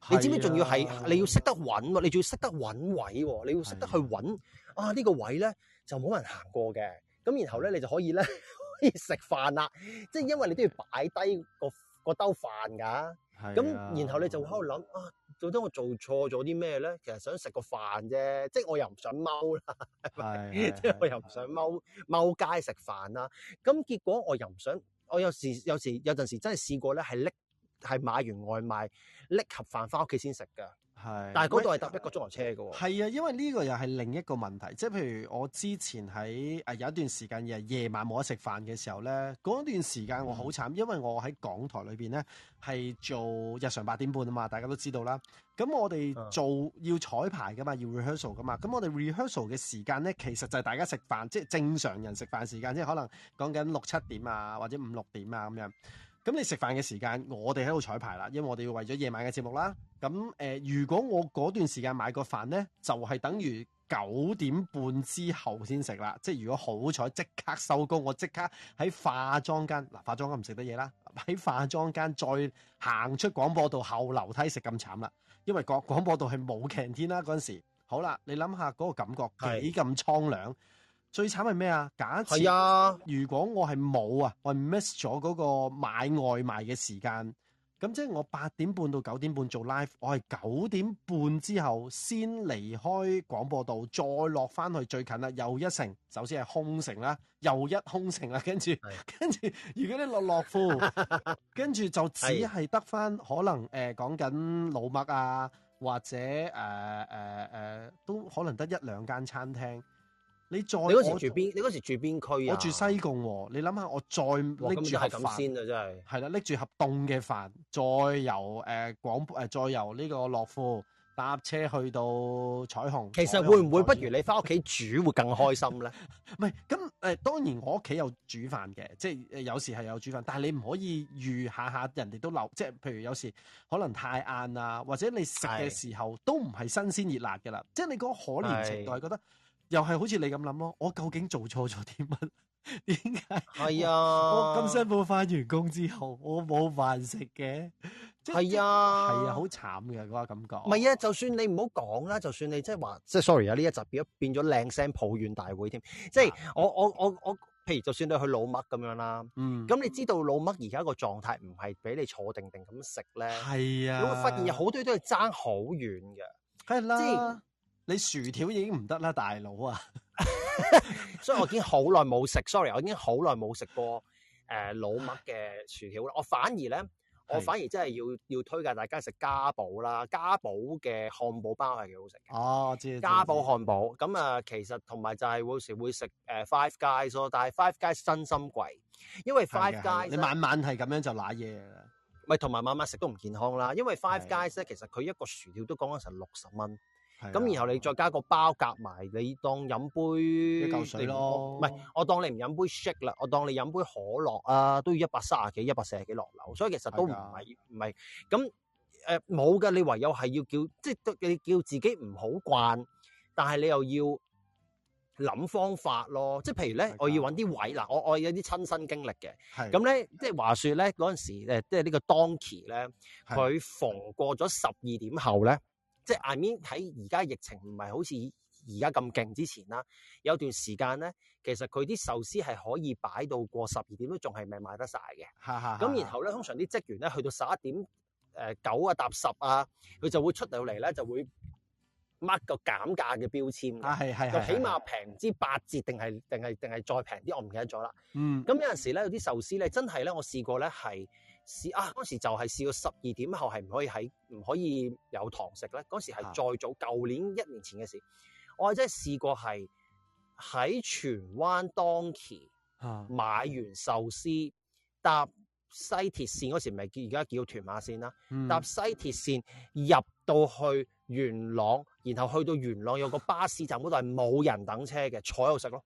啊、你知唔知仲要係你要識得揾喎、啊，你仲要識得揾位喎，你要識得去揾啊呢、啊呢個位咧就冇人行過嘅，咁然後咧你就可以咧 可以食飯啦，即係因為你都要擺低個兜飯㗎，咁、啊、然後你就喺度諗啊，到底我做錯咗啲咩咧？其實想食個飯啫，即係我又唔想踎啦、啊，係咪？即係我又唔想踎踎、啊、街食飯啦，咁結果我又唔想，我有時有時有陣時，時真係試過咧係拎。係買完外賣，拎盒飯翻屋企先食㗎。係、啊，但係嗰度係搭一個鐘頭車㗎喎。係、呃、啊，因為呢個又係另一個問題，即係譬如我之前喺、呃、有一段時間夜晚冇得食飯嘅時候咧，嗰段時間我好慘、嗯，因為我喺港台裏面咧係做日常八點半啊嘛，大家都知道啦。咁我哋做、嗯、要彩排㗎嘛，要 rehearsal 噶嘛。咁我哋 rehearsal 嘅時間咧，其實就係大家食飯，即係正常人食飯時間，即係可能講緊六七點啊，或者五六點啊咁樣。咁你食飯嘅時間，我哋喺度彩排啦，因為我哋要為咗夜晚嘅節目啦。咁、呃、如果我嗰段時間買個飯呢，就係、是、等於九點半之後先食啦。即係如果好彩即刻收工，我即刻喺化妝間嗱，化妝間唔食得嘢啦，喺化妝間再行出廣播道後樓梯食，咁慘啦。因為廣播道係冇晴天啦，嗰陣時。好啦，你諗下嗰個感覺幾咁蒼涼。最慘係咩啊？假設啊，如果我係冇啊，我係 miss 咗嗰個買外賣嘅時間，咁即係我八點半到九點半做 live，我係九點半之後先離開廣播道，再落翻去最近啦，又一城，首先係空城啦，又一空城啦，跟住跟住，如果你落落庫， 跟住就只係得翻可能誒講緊老麥啊，或者誒誒誒，都可能得一兩間餐廳。你嗰時住邊？你嗰時住邊區啊？我住西貢喎。你諗下，我再拎住盒飯，係咁先啊！真係係啦，拎住盒凍嘅飯，再由誒、呃、廣誒、呃、再由呢個樂富搭車去到彩虹。其實會唔會不如你翻屋企煮會更開心咧？唔係咁誒，當然我屋企有煮飯嘅，即係有時係有煮飯，但係你唔可以預下下人哋都流，即係譬如有時可能太晏啊，或者你食嘅時候都唔係新鮮熱辣嘅啦。即係你嗰個可憐程度係覺得。又係好似你咁諗咯，我究竟做錯咗啲乜？點解？係啊我，我咁辛苦返完工之後，我冇飯食嘅，係啊，啊，係啊，好慘嘅嗰個感覺。唔係啊，就算你唔好講啦，就算你即係話，即係 sorry，啊，呢、就是、一集變咗變咗靚聲抱怨大會添，即係我我我我，譬如就算你去老麥咁樣啦，咁、嗯、你知道老麥而家個狀態唔係俾你坐定定咁食咧，係啊，你會發現有好多嘢都係爭好遠嘅，係啦。你薯條已經唔得啦，大佬啊！ 所以我已經好耐冇食，sorry，我已經好耐冇食過誒、呃、老麥嘅薯條啦。我反而咧，我反而真係要要推介大家食家寶啦。家寶嘅漢堡包係幾好食嘅。哦，知家寶知漢堡咁啊、嗯，其實同埋就係有時會食誒 Five Guys 咯，但係 Five Guys 真心貴，因為 Five Guys 係係你晚晚係咁樣就揦嘢，咪同埋晚晚食都唔健康啦。因為 Five Guys 咧，其實佢一個薯條都講緊成六十蚊。咁然後你再加個包夾埋，你當飲杯一嚿水咯。唔係，我當你唔飲杯 shake 啦，我當你飲杯可樂啊，都要一百三十幾、一百四十幾落樓，所以其實都唔係唔係咁冇㗎，你唯有係要叫即係你叫自己唔好慣，但係你又要諗方法咯。即係譬如咧，我要搵啲位嗱，我我有啲親身經歷嘅。咁咧，即係話説咧嗰陣時呢，即係呢即個當期咧，佢逢過咗十二點後咧。即係 I mean 喺而家疫情唔係好似而家咁勁之前啦，有段時間咧，其實佢啲壽司係可以擺到過十二點都仲係未買得晒嘅，咁 然後咧，通常啲職員咧去到十一點九啊、搭十啊，佢就會出到嚟咧，就會 mark 個減價嘅標籤，佢 起碼平唔知八折定係定係定係再平啲，我唔記得咗啦。嗯，咁有陣時咧，有啲壽司咧真係咧，我試過咧係。啊！嗰時就係試過十二點後，係唔可以喺唔可以有堂食咧。嗰時係再早，舊、啊、年一年前嘅事。我真係試過係喺荃灣 Donkey 買完壽司，搭西鐵線嗰時，唔係而家叫屯馬線啦。搭西鐵線，線，西鐵線入到去元朗，然後去到元朗有個巴士站嗰度係冇人等車嘅，坐喺度食咯。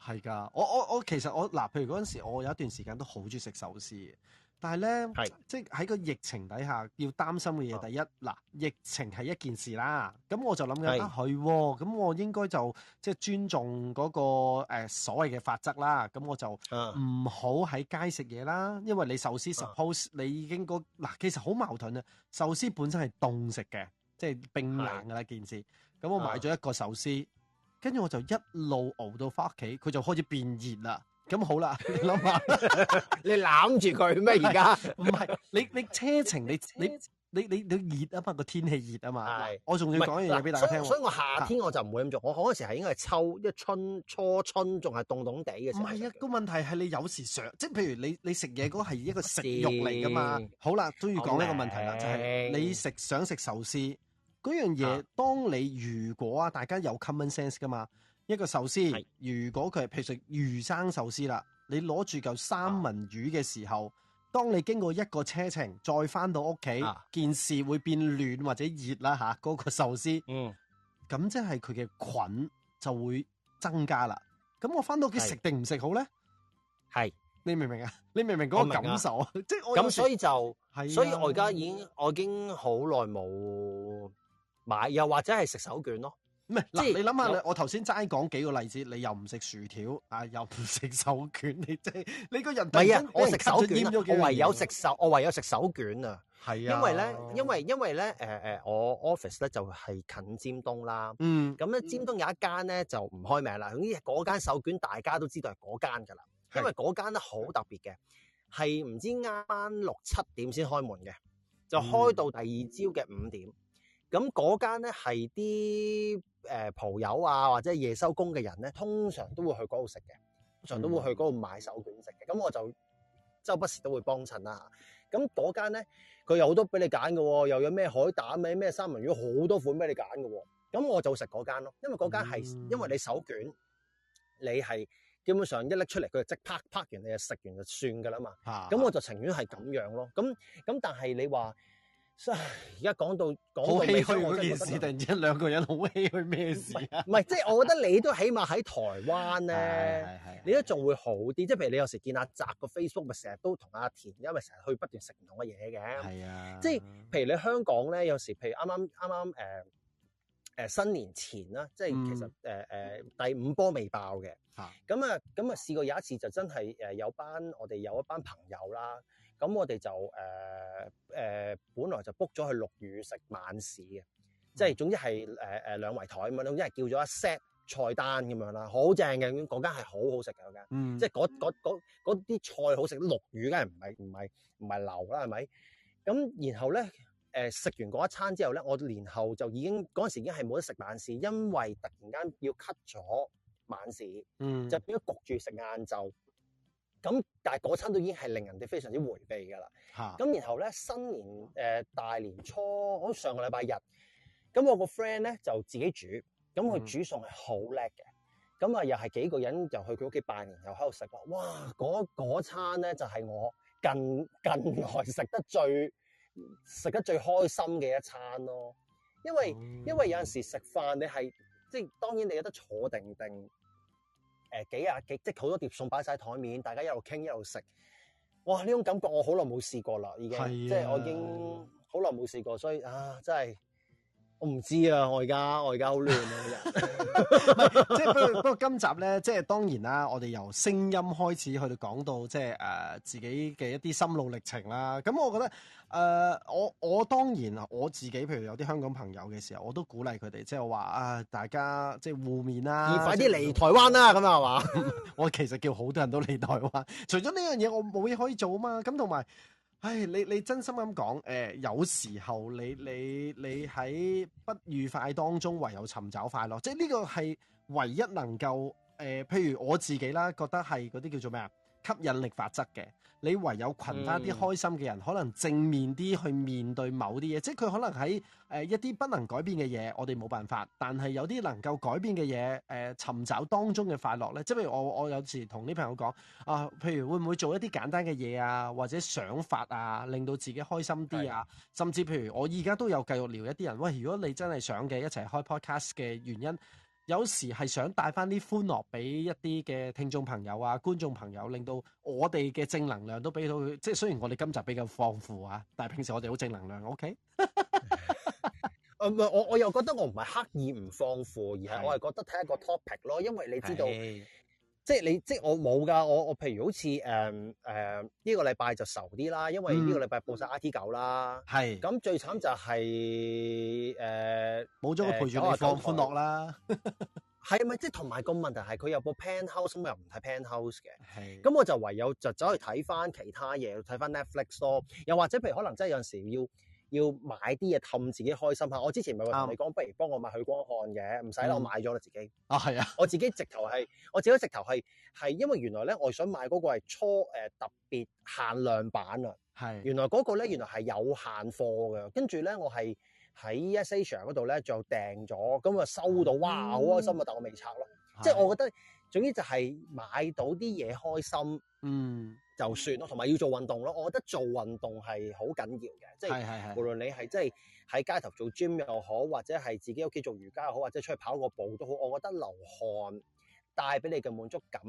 係噶，我我我其實我嗱，譬如嗰陣時，我有一段時間都好中意食壽司嘅。但係咧，即係喺個疫情底下要擔心嘅嘢，啊，第一嗱，疫情係一件事啦。咁我就諗緊啊，係，哦，咁我應該就即係尊重嗰，嗰個，呃，所謂嘅法則啦。咁我就唔好喺街食嘢啦，因為你壽司，啊，suppose 你已經嗱，其實好矛盾啊。壽司本身係凍食嘅，即係冰冷噶啦件事。咁我買咗一個壽司，跟住我就一路熬到翻屋企，佢就開始變熱啦。咁好啦，你諗下， 你攬住佢咩？而家唔係，你你車程你你你你你熱啊嘛，個天氣熱啊嘛，係。我仲要講一樣嘢俾大家聽。所以，所以我夏天我就唔會咁做。我好多時係應該係秋，一春初春仲係凍凍地嘅。唔係啊，個問題係你有時想，即係譬如你你食嘢嗰個係一個食欲嚟噶嘛。好啦，都要講一個問題啦，就係、是、你食想食壽司嗰樣嘢、啊，當你如果啊，大家有 common sense 噶嘛。一個壽司，如果佢係譬如食魚生壽司啦，你攞住嚿三文魚嘅時候、啊，當你經過一個車程再回家，再翻到屋企，件事會變暖或者熱啦吓，嗰、啊那個壽司，咁、嗯、即係佢嘅菌就會增加啦。咁我翻到屋企食定唔食好咧？係你明唔明啊？你明唔明嗰個感受啊？即 係我咁、啊，所以就所以，我而家已經我已經好耐冇買，又或者係食手卷咯。唔、啊、係，你諗下，你我頭先齋講幾個例子，你又唔食薯條啊，又唔食手卷，你即係你個人本身、啊，我食手卷了了，我唯有食手，我唯有食手卷啊，係啊，因為咧，因為因為咧，誒、呃、誒，我 office 咧就係近尖東啦，嗯，咁咧尖東有一間咧就唔開名啦，總之嗰間手卷大家都知道係嗰間噶啦，因為嗰間咧好特別嘅，係唔知啱啱六七點先開門嘅，就開到第二朝嘅五點，咁嗰間咧係啲。誒、呃、蒲友啊，或者夜收工嘅人咧，通常都會去嗰度食嘅，通常都會去嗰度買手卷食嘅。咁、嗯、我就周不時都會幫襯啦。咁嗰間咧，佢有好多俾你揀嘅喎，又有咩海膽咩咩三文魚，好多款俾你揀嘅喎。咁我就食嗰間咯，因為嗰間係、嗯、因為你手卷，你係基本上一拎出嚟，佢就即啪啪完，你就食完就算嘅啦嘛。咁、嗯、我就情願係咁樣咯。咁咁，但係你話。唉、so，而家講到講開嗰件事，突然之間兩個人好唏噓咩事啊？唔係，即係、就是、我覺得你都起碼喺台灣咧， 你都仲會好啲。即係譬如你有時見阿澤個 Facebook 咪成日都同阿田，因為成日去不斷食唔同嘅嘢嘅。係啊，即係譬如你香港咧，有時譬如啱啱啱啱誒誒新年前啦，即係其實誒誒、嗯、第五波未爆嘅。嚇、啊！咁啊咁啊試過有一次就真係誒有班我哋有一班朋友啦。咁我哋就誒誒、呃呃，本來就 book 咗去陸羽食晚市嘅，即係總之係誒誒兩圍台咁樣，總之係叫咗一 set 菜單咁樣啦，好正嘅，嗰間係好好食嘅嗰間，嗯、即係嗰啲菜好食，陸羽梗係唔係唔係唔係流啦，係咪？咁然後咧誒，食、呃、完嗰一餐之後咧，我年後就已經嗰陣時已經係冇得食晚市，因為突然間要 cut 咗晚市，嗯、就變咗焗住食晏晝。咁，但係嗰餐都已經係令人哋非常之回味㗎啦。咁、啊、然後咧，新年、呃、大年初，好似上個禮拜日，咁我個 friend 咧就自己煮，咁佢煮餸係好叻嘅。咁、嗯、啊，又係幾個人又去佢屋企拜年，又喺度食哇！嗰餐咧就係、是、我近近來食得最食得最開心嘅一餐咯。因為、嗯、因為有陣時食飯你係即係當然你有得坐定定。誒、幾啊幾，即係好多碟餸擺晒台面，大家一路傾一路食，哇！呢種感覺我好耐冇試過啦，已經、係啊，即係我已經好耐冇試過，所以啊，真係我唔知啊！我而家我而家好亂啊！ 即係不過不過今集咧，即係當然啦，我哋由聲音開始去到講到即係誒、呃、自己嘅一啲心路歷程啦，咁我覺得。誒、呃，我我當然啊，我自己譬如有啲香港朋友嘅時候，我都鼓勵佢哋，即係我話啊，大家即係互勉啦、啊，快啲嚟台灣啦、啊，咁啊係嘛？是是 我其實叫好多人都嚟台灣。除咗呢樣嘢，我冇嘢可以做啊嘛。咁同埋，唉，你你真心咁講，誒、呃，有時候你你你喺不愉快當中，唯有尋找快樂，即係呢個係唯一能夠誒、呃，譬如我自己啦，覺得係嗰啲叫做咩啊？吸引力法則嘅，你唯有群翻啲開心嘅人、嗯，可能正面啲去面對某啲嘢，即係佢可能喺、呃、一啲不能改變嘅嘢，我哋冇辦法，但係有啲能夠改變嘅嘢、呃，尋找當中嘅快樂咧，即係譬如我我有時同啲朋友講啊，譬如會唔會做一啲簡單嘅嘢啊，或者想法啊，令到自己開心啲啊，甚至譬如我而家都有繼續聊一啲人，喂，如果你真係想嘅一齊開 podcast 嘅原因。有時係想帶翻啲歡樂俾一啲嘅聽眾朋友啊、觀眾朋友，令到我哋嘅正能量都俾到佢。即係雖然我哋今集比較放負啊，但係平時我哋好正能量。OK，啊我我又覺得我唔係刻意唔放負，而係我係覺得睇一個 topic 咯，因為你知道。即係你，即係我冇噶，我我譬如好似誒誒呢個禮拜就愁啲啦，因為呢個禮拜煲晒 IT 狗啦，係、嗯、咁最慘就係誒冇咗個陪住你放歡樂啦，係 咪？即係同埋個問題係佢有部 Penthouse，咁又唔睇 Penthouse 嘅，係，咁我就唯有就走去睇翻其他嘢，睇翻 Netflix 咯，又或者譬如可能真係有陣時要。要買啲嘢氹自己開心下，我之前咪話同你講、嗯，不如幫我買許光漢嘅，唔使啦，我買咗啦自己。啊、嗯，哦、啊，我自己直頭係，我自己直頭係係，因為原來咧，我想買嗰個係初、呃、特別限量版啊。原來嗰個咧原來係有限貨嘅，跟住咧我係喺 YesAsia 嗰度咧就訂咗，咁啊收到，嗯、哇好開心啊，但我未拆咯。即係我覺得總之就係買到啲嘢開心。嗯。就算咯，同埋要做運動咯。我覺得做運動係好緊要嘅，即係無論你係即係喺街頭做 gym 又好，或者係自己屋企做瑜伽又好，或者出去跑個步都好。我覺得流汗帶俾你嘅滿足感，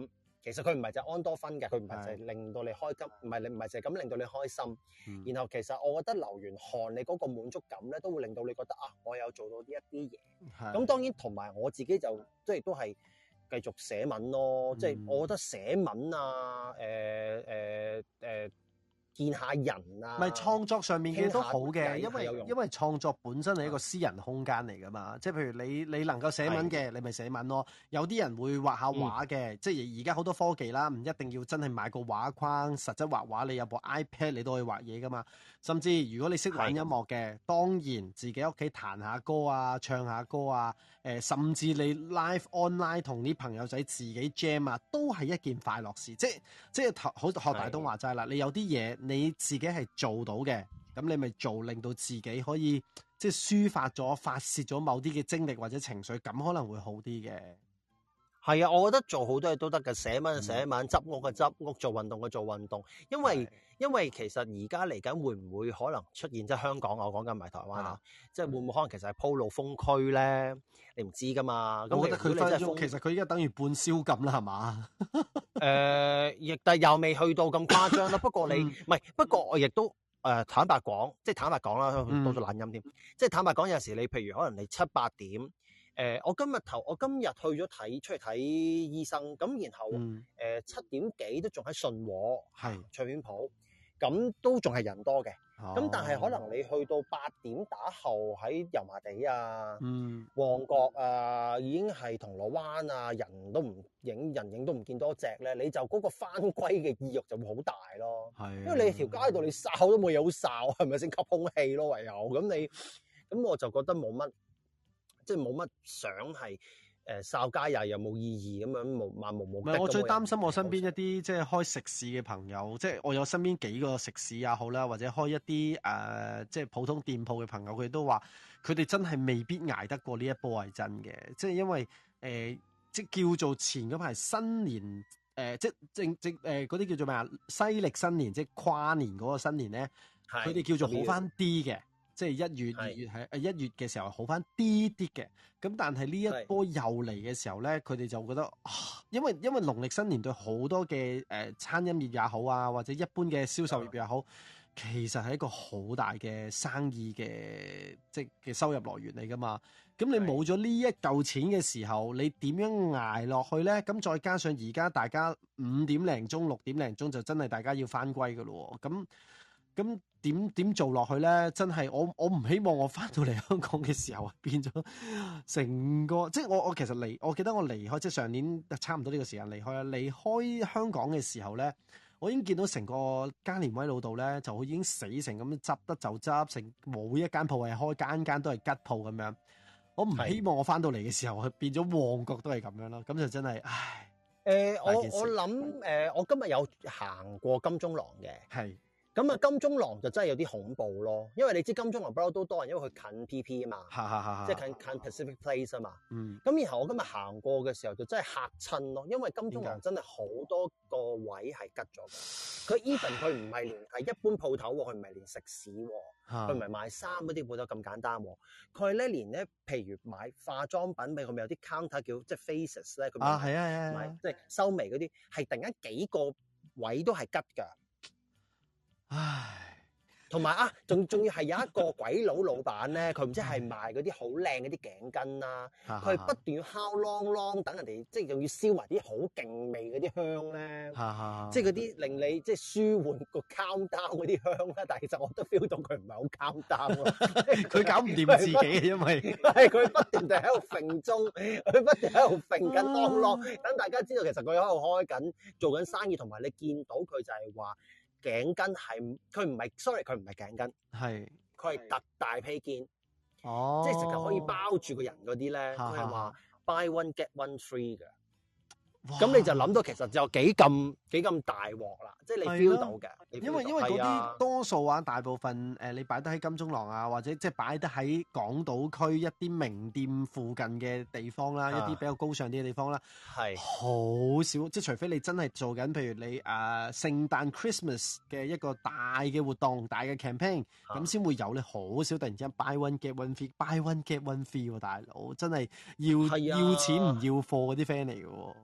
其實佢唔係就係安多酚嘅，佢唔係就係令到你開心，唔係你唔係就係咁令到你開心、嗯。然後其實我覺得流完汗，你嗰個滿足感咧，都會令到你覺得啊，我有做到呢一啲嘢。咁當然同埋我自己就即係都係。繼續寫文咯，嗯、即係我覺得寫文啊，誒誒誒。呃呃見下人啊，唔係創作上面嘅都好嘅，因為因為創作本身係一個私人空間嚟噶嘛。即係譬如你你能夠寫文嘅，你咪寫文咯。有啲人會畫下畫嘅、嗯，即係而家好多科技啦，唔一定要真係買個畫框，實質畫畫你有部 iPad 你都可以畫嘢噶嘛。甚至如果你識玩音樂嘅，當然自己屋企彈一下歌啊，唱一下歌啊，誒、呃，甚至你 live online 同啲朋友仔自己 jam 啊，都係一件快樂事。即係即係頭好學大東話齋啦，你有啲嘢。你自己係做到嘅，咁你咪做，令到自己可以即係抒發咗、發泄咗某啲嘅精力或者情緒，咁可能會好啲嘅。係啊，我覺得做好多嘢都得㗎，寫文寫文，執屋嘅執屋，做運動嘅做運動。因為因為其實而家嚟緊會唔會可能出現即係香港，我講緊唔係台灣啊，即係會唔會可能其實係鋪路封區咧？你唔知噶嘛。咁我，我覺得佢咧其實佢而家等於半宵禁啦，係嘛？ 誒、 呃，亦都又未去到咁誇張啦。 不過你唔係，不過我亦都誒、呃，坦白講，即係坦白講啦，多咗懶音添、嗯。即係坦白講，有時你譬如可能你七八點，誒、呃，我今日頭，我今日去咗睇，出去睇醫生，咁然後誒、嗯呃，七點幾都仲喺信和，係唱片鋪，咁都仲係人多嘅。咁但係可能你去到八點打後喺油麻地啊、嗯、旺角啊，已經係銅鑼灣啊，人都唔影，人影都唔見多隻咧，你就嗰個返歸嘅意欲就會好大咯。係，因為你條街度你哨都冇嘢好哨，係咪先吸空氣咯？唯有咁你，咁我就覺得冇乜，即係冇乜想係。誒、呃、哨街又又冇意義咁樣，冇萬無無。唔係，我最擔心我身邊一啲即係開食肆嘅朋友，即係我有身邊幾個食肆也好啦，或者開一啲誒、呃、即係普通店鋪嘅朋友，佢哋都話佢哋真係未必捱得過呢一波係真嘅，即係因為誒、呃、即叫做前嗰排新年誒、呃，即正正誒嗰啲叫做咩啊西歷新年，即跨年嗰個新年咧，佢哋叫做好返啲嘅。即係一月二月係一月嘅時候好翻啲啲嘅，咁但係呢一波又嚟嘅時候呢，佢哋就覺得、哦、因為因為農曆新年對好多嘅誒、呃、餐飲業也好啊，或者一般嘅銷售業也好，其實係一個好大嘅生意嘅即係嘅收入來源嚟噶嘛。咁你冇咗呢一嚿錢嘅時候，你點樣捱落去呢？咁再加上而家大家五點零鐘六點零鐘就真係大家要翻歸嘅咯，咁。咁點點做落去咧？真係我我唔希望我翻到嚟香港嘅時候，變咗成個即係我我其實離我記得我離開即係上年差唔多呢個時間離開啦。離開香港嘅時候咧，我已經見到成個嘉年威老道咧，就已經死成咁，執得就執，成每一間鋪係開間間都係吉鋪咁樣。我唔希望我翻到嚟嘅時候係變咗旺角都係咁樣咯。咁就真係唉、誒，我我諗誒，我今日有行過金鐘廊嘅係。咁啊，金鐘廊就真係有啲恐怖咯，因為你知金鐘廊不嬲都多人，因為佢近 P P 啊嘛， 即係近近 Pacific Place 啊嘛。咁、嗯、然後我今日行過嘅時候就真係嚇親咯，因為金鐘廊真係好多個位係吉咗嘅。佢 even 佢唔係連係一般鋪頭喎，佢唔係連食肆喎，佢唔係買衫嗰啲鋪頭咁簡單喎。佢咧連咧，譬如買化妝品咪，佢咪有啲 counter 叫即係 Faces 咧，佢咪、啊啊啊、即係修眉嗰啲，係突然間幾個位都係吉㗎。唉，同埋啊，仲仲要係有一個鬼佬老闆咧，佢唔知係賣嗰啲好靚嗰啲頸巾啦、啊，佢不斷敲啷啷，等人哋即係仲要燒埋啲好勁味嗰啲香咧，即係嗰啲令你即係舒緩個 calm down 嗰啲香啦、啊。但係其實我都 feel 到佢唔係好 calm down，佢 搞唔掂自己，因為佢不斷地喺度揈中，佢不斷喺度揈緊啷啷。 等大家知道其實佢喺度開緊做緊生意，同埋你見到佢就係話。頸巾係佢唔係 sorry 佢唔係頸巾，係佢係特大披肩，哦、即係成日可以包住個人啲咧，佢係話 buy one get one free 嘅。咁你就諗到其實就幾咁幾咁大鑊啦，即係你 feel 到嘅、啊。因為因為嗰啲、啊、多數話、啊、大部分你擺得喺金鐘廊啊，或者即係擺得喺港島區一啲名店附近嘅地方啦、啊啊，一啲比較高尚啲嘅地方啦、啊，係好、啊、少，即、就、係、是、除非你真係做緊，譬如你誒、啊、聖誕 Christmas 嘅一個大嘅活動、大嘅 campaign，咁先、啊、會有你好少突然之間 buy one get one free buy one get one free、啊、喎，大佬真係要、啊、要錢唔要貨嗰啲 friend 嚟喎。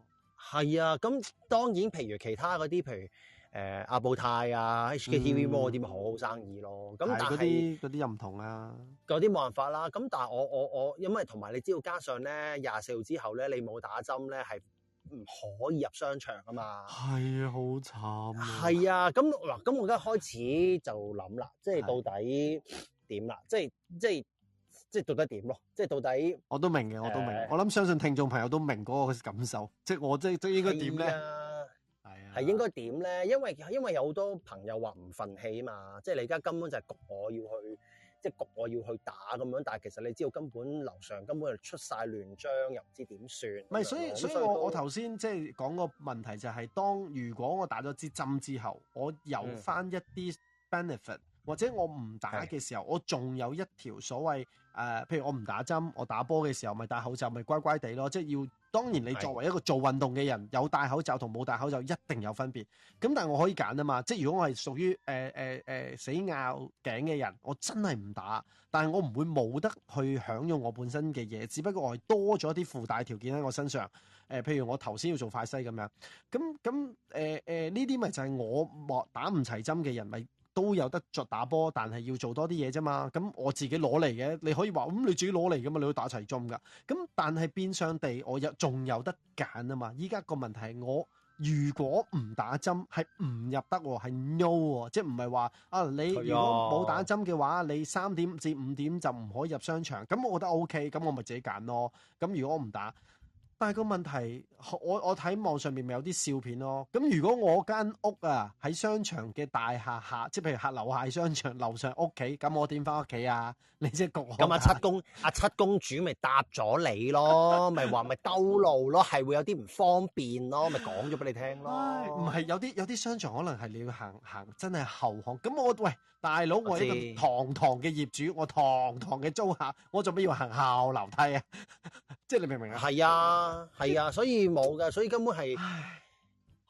係啊，咁當然，譬如其他嗰啲，譬如誒阿布泰啊、HKTV 嗰啲，好好生意咯。咁、嗯、但係嗰啲嗰啲又唔同啦、啊，有啲冇辦法啦。咁但係我我我，因為同埋你知道，加上咧廿四號之後咧，你冇打針咧係唔可以入商場啊嘛。係啊，好慘啊。係啊，咁嗱，咁我而家開始就諗啦，即係到底點啦，即係即係。即係到底點咯？即係到底我都明嘅，我都明。我諗、欸、相信聽眾朋友都明嗰個感受。即係我即即應該點咧？係啊，係、啊、應該點咧？因為因為有好多朋友話唔憤氣啊嘛。即係你而家根本就係焗我要去，即係焗我要去打咁樣。但係其實你知道根本樓上根本出晒亂章，又唔知點算。唔係，所以所以我所以我頭先即係講個問題就係、是，當如果我打咗支針之後，我有翻一啲 benefit、嗯、或者我唔打嘅時候，我仲有一條所謂。誒、呃，譬如我唔打針，我打波嘅時候咪戴口罩，咪乖乖地咯。即係要當然，你作為一個做運動嘅人，有戴口罩同冇戴口罩一定有分別。咁但係我可以揀啊嘛。即係如果我係屬於、呃呃呃、死拗頸嘅人，我真係唔打。但係我唔會冇得去享用我本身嘅嘢，只不過我係多咗啲附帶條件喺我身上。呃、譬如我頭先要做快西咁樣。咁咁誒誒、呢啲咪就係我莫打唔齊針嘅人咪，都有得着打波，但係要做多啲嘢啫嘛。咁我自己攞嚟嘅，你可以話咁，你自己攞嚟噶嘛，你都打齊針噶。咁但係變相地我有仲有得揀啊嘛。依家個問題係我如果唔打針係唔入得喎、哦，係 no 喎、哦，即係唔係話啊？你如果冇打針嘅話，你三點至五點就唔可以入商場。咁我覺得 OK，咁我咪自己揀咯。咁如果我唔打。但係個問題，我我睇網上面咪有啲笑片咯。咁如果我間屋啊喺商場嘅大廈下，即係譬如客樓下商場樓上屋企，咁我點翻屋企啊？你即係講咁阿七公阿七公主咪搭咗你咯，咪話咪兜路咯，係會有啲唔方便咯，咪講咗俾你聽咯。唔、哎、係有啲有啲商場可能係你要行行真係後巷。咁我喂大佬，我堂堂嘅業，業主，我堂堂嘅租客，我做咩要行後樓梯啊？ 即係你明唔明啊？係啊！係啊，所以冇嘅，所以根本係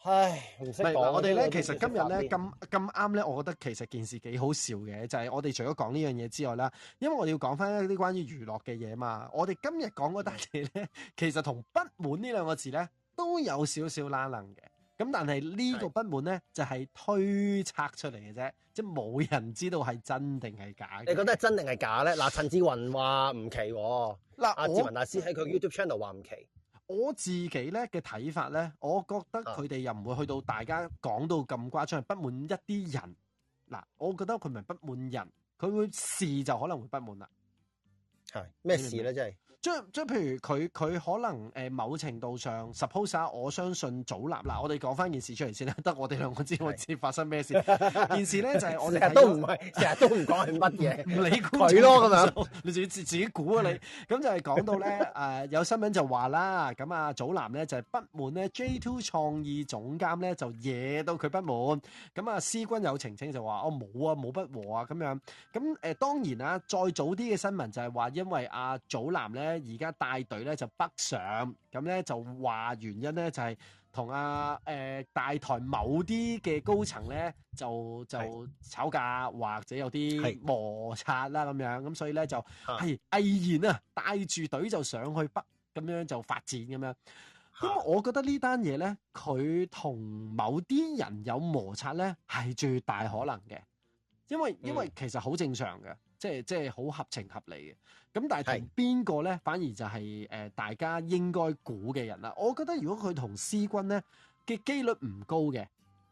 唉，唔識講。我哋咧，其實今日咧咁咁啱咧，我覺得其實件事幾好笑嘅，就係、是、我哋除咗講呢樣嘢之外啦，因為我哋要講翻一啲關於娛樂嘅嘢嘛。我哋今日講嗰單嘢咧，其實同不滿呢兩個字咧都有少少拉楞嘅。咁但係呢個不滿咧，就係、是、推測出嚟嘅啫，即係冇人知道係真定係假。你覺得係真定係假咧？嗱、 哦，陳志雲話唔奇喎，阿志雲大師喺佢 YouTube channel 話唔奇。我自己咧嘅睇法咧，我覺得佢哋又唔會去到大家講到咁誇張，係不滿一啲人。嗱，我覺得佢唔係不滿人，佢會事就可能會不滿啦。係咩事咧？真係？即即譬如佢佢可能誒某程度上 suppose 下，我相信祖藍嗱，我哋講翻件事出嚟先啦，得我哋兩個知，我知發生咩事。件事咧就係我哋都唔係，成日都唔講係乜嘢，唔理佢咯咁樣，你仲要自己自己估啊你。咁就係講到咧誒有新聞就話啦，咁啊祖藍咧就係不滿咧 J2 創意總監咧就惹到佢不滿。咁啊 C 君有澄清就話哦冇啊冇不和啊咁樣。咁誒當然啦，再早啲嘅新聞就係話因為阿祖藍咧。而家帶隊咧就北上，咁咧就話原因咧就係同阿誒大台某啲嘅高層咧、嗯、就就吵架，或者有啲摩擦啦、啊、咁樣，咁所以咧就係毅然啊帶住隊就上去北，咁樣就發展咁樣。咁我覺得呢單嘢咧，佢同某啲人有摩擦咧係最大可能嘅，因為因為其實好正常嘅，即係即係好合情合理嘅。咁但係同邊個咧，反而就係、是呃、大家應該估嘅人啦。我覺得如果佢同施君咧嘅幾率唔高嘅，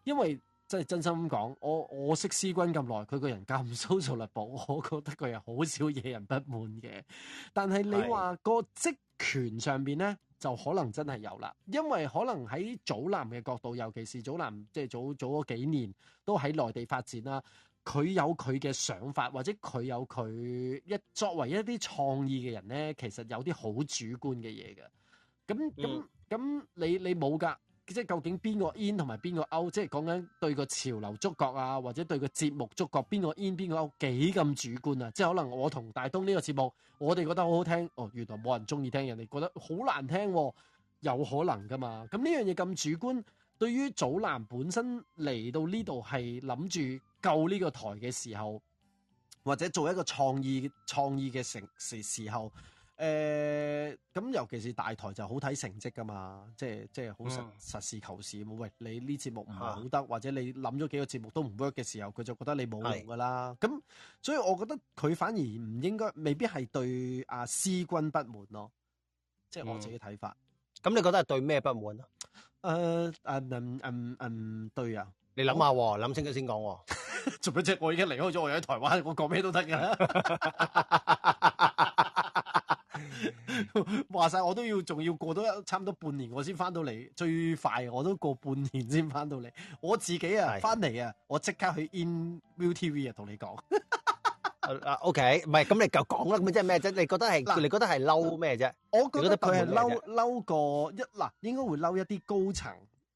因為即係真，真心講，我我識施君咁耐，佢個人咁操守立保，我覺得佢係好少惹人不滿嘅。但係你話個職權上面咧，就可能真係有啦，因為可能喺祖藍嘅角度，尤其是祖藍即係早早嗰幾年都喺內地發展啦。佢有佢嘅想法，或者佢有佢一作為一啲創意嘅人呢，其實有啲好主觀嘅嘢嘅。咁咁咁，你你冇噶，即係究竟邊個 in 同埋邊個 out？即係講緊對個潮流觸覺啊，或者對個節目觸覺，邊個 in 邊個 out，幾咁主觀啊？即係可能我同大東呢個節目，我哋覺得好好聽，哦，原來冇人中意聽，人哋覺得好難聽啊，有可能噶嘛？咁呢樣嘢咁主觀，對於祖藍本身嚟到呢度係諗住。夠呢個臺嘅時候，或者做一個創意創意嘅成時時候，誒、呃、咁尤其是大台就好睇成績噶嘛，即係即係好實、嗯、實事求是。喂，你呢節目唔好得，或者你諗咗幾個節目都唔 work 嘅時候，佢就覺得你冇用噶啦。咁所以我覺得佢反而唔應該，未必係對阿施、啊、君不滿咯。即係我自己睇法。咁、嗯、你覺得係對咩不滿啊？誒、呃、誒嗯嗯嗯對啊。你諗下喎，諗清楚先講喎。做乜啫？我已經離開咗，我喺台灣，我講咩都得噶啦。話 晒 我都要，仲要過多差唔多半年，我先翻到嚟。最快我都過半年先翻到嚟。我自己啊，翻嚟啊，我即刻去 in new TV 啊同你講，同、 okay，你講。啊，OK，唔係咁，你就講啦。咁即係咩啫？你覺得係 你覺得係嬲咩啫？我覺得佢係嬲嬲個一嗱，應該會嬲一啲高層